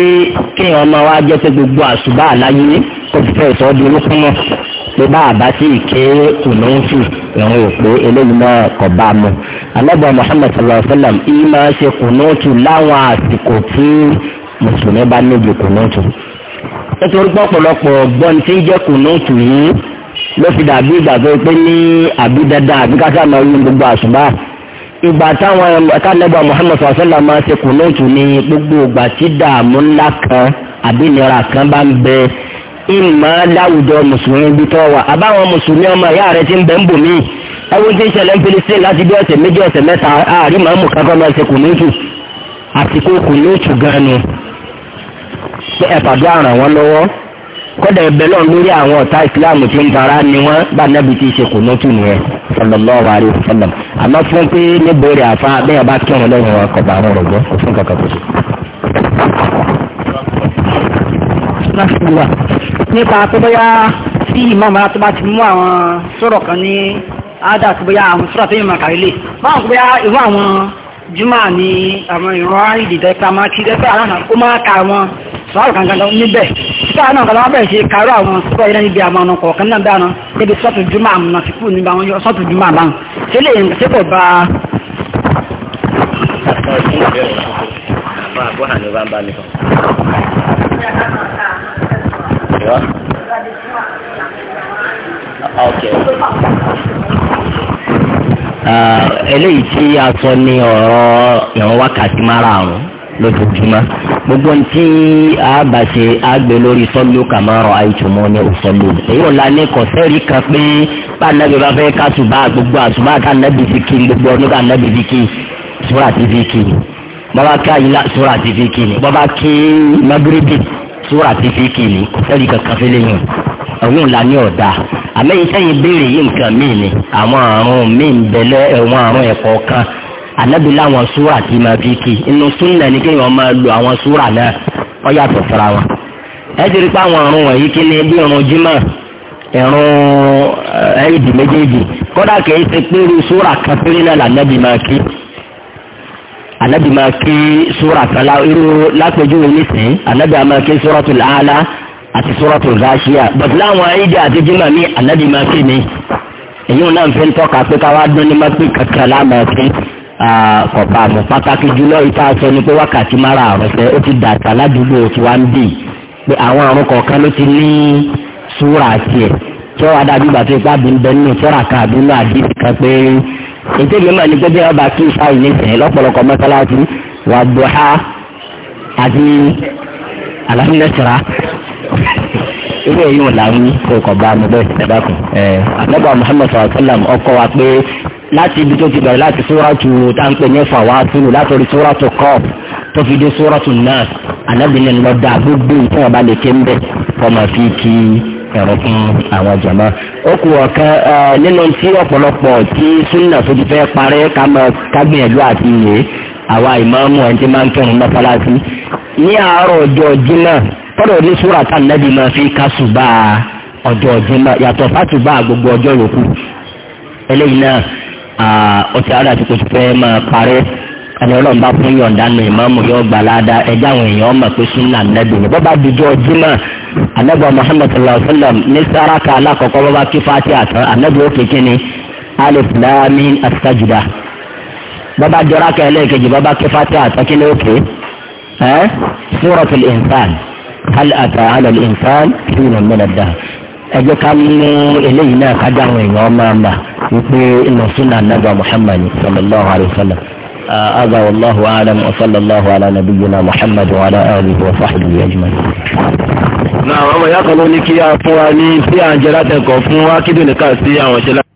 kéèyàn máa wá jẹ́ pé gbogbo àṣùbà àláyé kó fi fẹ́ ìtọ́jú olókùn náà pé bá a bá sì ké kùnúùfù ìrún òpó eléyìí náà kò bá mu. alábọ̀ muhammed sallallahu alayhi wa sallam yìí máa ṣe kùnúùtù láwọn àsìkò tí mùsùlùmí bá níbi kùnúùtù. nítorí pọ̀pọ̀lọpọ̀ gbọ́n tí ń jẹ́ kùnúùtù yìí ló fi dàbí ìgbà tó pé ní àbí dandan àbí káká máa yún gbogbo àṣùbà. ìgbà táwọn akánábọ̀ muhammed sallallahu alayhi wa sallam máa ṣe kùnúùtù ìmọ̀ láwùjọ mùsùlùmí bí wa àbáwọn mùsùlùmí ọmọ ìyá rẹ ti ń bẹ ń bò mí ẹwọ́n ti ń ṣẹlẹ̀ ń Filistin láti bí ọ̀sẹ̀ méjì ọ̀sẹ̀ mẹta àárín màmú kankan máa ṣe kùnúùtù àsìkò kùnúùtù gan ni pé ẹ̀fàdó àràn wọn lọ́wọ́ kọ́dà ẹ̀bẹ̀ lọ́n lórí àwọn tí ń fara nípa pé bóyá tí ìmọ̀ọ́mọ́ tó bá ti mú àwọn sọ̀rọ̀ kan ní ádà tó bóyá àwọn sọ̀rọ̀ tó yẹ màkà ilé báwọn kò bóyá irú àwọn jùmọ̀ ní àwọn ìran àìdì dẹ́ta máa kí dẹ́ta aláǹkà ó máa ka àwọn sọ̀rọ̀ kankan lọ níbẹ̀ títí àwọn náà kan lọ́wọ́ bẹ̀rẹ̀ ṣe káró àwọn sọ̀rọ̀ yẹn níbi àwọn ọ̀nà kọ̀ọ̀kan náà dáná níbi sọ́tù jùmọ̀ àmúna ti kú Yeah? Okay. Uh, eléyìí tí a sọ ní ọ̀rọ̀ ìrun wákàtí márààrún lójoojúmọ́ gbogbo ní tí a bá ṣe á gbé lórí sọ́lú kàmárọ̀ àìtùmọ́ ní òsọ́lú èyí ò la ní kọ̀sẹ́rì kan pé bá nàbí bá fẹ́ ká tùbá gbogbo àtùbá ká nàbí fi kí gbogbo ọdún ká nàbí fi kí sùúrà ti fi kí bàbá ká yìí lá sùúrà ti fi kí ni bàbá kí magrebi súrà ti fi kì ní kò kankan fi la ní ọ̀dà àmọ́ ìsẹ́yìn béèrè yìí nǹkan míì ni àwọn àrùn míì ń bẹ̀lẹ́ ẹ̀wọ̀n kan anabi láwọn súrà ti máa fi kì inú súnà ni kéèyàn máa lo àwọn súrà náà yàtọ̀ wọn. rí àwọn àrùn wọ̀nyí kí ni bí irun jimá irun méjèèjì kódà pé kan anabi máa ké sóra kala irú lápẹjúwe nísìnyí anabi máa ké suratul A'la àti suratul Ghashiya bàtí láwọn ayédè àti jimá mi anabi máa ké mi èyí wọn náà fẹ́ ń tọ́ka pé káwá dún ní mọ́pẹ́ kankan láàmú ọ̀sẹ̀ kọ̀ọ̀pá àmọ́ pàtàkì jùlọ ìta aṣọ ni pé wákàtí mara àrùn ṣe ó ti dàtà ládùúgbò tí wàá ń bì pé àwọn àrùn kọ̀ọ̀kan ló ti ní súra tiẹ̀ tí wọ́n adájú gbà tó ipá bí ń bẹ nínú sọ́ra kan àbí nínú ètò ìlú màá ní pé bí wọ́n bá kí ìsáyìí nísìnyí lọ́pọ̀lọpọ̀ mọ́sálásí wà dùhà àti alhamdulilayi irú èyí wọn là ń kó kọ̀ bá mi bẹ́ẹ̀ ṣẹ̀dá kan. àtọ́gbà Muhammad sallallahu alaihi ọkọ wa pé láti ibi tó ti bẹ̀rẹ̀ láti sóràtù táǹpẹ̀ ní fàwásílù látọ̀rí sóràtù kọ́ọ̀p tó fi dé sóràtù náà anábìnrin lọ da gbogbo ìtàn ọba lè ké ń bẹ̀ fọmọ fi kí ẹ̀rọ fún àwọn jàmá. ó kù ọ̀kan nínú tí ọ̀pọ̀lọpọ̀ tí súnà tó ti fẹ́ parẹ́ kágbìyànjú àti ìyè àwa ìmáàmù ẹni tí máa ń kẹrin mọ́sálásí ní àárọ̀ ọjọ́ jimá tọ́lọ̀ ní sóràtà nábì máa fi kásùbà ọjọ́ jimá yàtọ̀ fásùbà gbogbo ọjọ́ yòókù eléyìí náà ọ̀sẹ̀ àdá tí kò sì fẹ́ máa parẹ́ ẹni ọlọ́run bá fún yọ̀ǹda nù ìmáàmù yóò gbà ládàá ẹjẹ́ àwọn èèyàn mọ̀ pé súnà nẹ́bì ni bọ́bá dijọ́ jimá anábọ̀ muhammed sallallahu alayhi wa sallam ní sáraka alákọ̀ọ́kọ́ bọ́bá kí fati àtàn anábì ó kéke ni alif lamin asajida bọ́bá jọra kẹ́ ẹlẹ́ẹ̀kejì bọ́bá kí fati àtàn kí ni ó ké ẹ́ suratul insan hal ata ala al insan kí ni mẹ́lẹ̀ dáa ẹ jẹ́ ká mú eléyìí náà kájà àwọn èèyàn máa mà wípé inú sunna nàbà muhammad sallallahu alayhi wa sallam هذا والله أعلم وصلى الله على نبينا محمد وعلى آله وصحبه أجمعين náà àwọn ọmọ ìyá ló ní kí a fún wa ní sí àǹjẹ́ látẹ̀kọ̀ fún wákìdùn nìkan sí àwọn ìṣẹ̀lẹ̀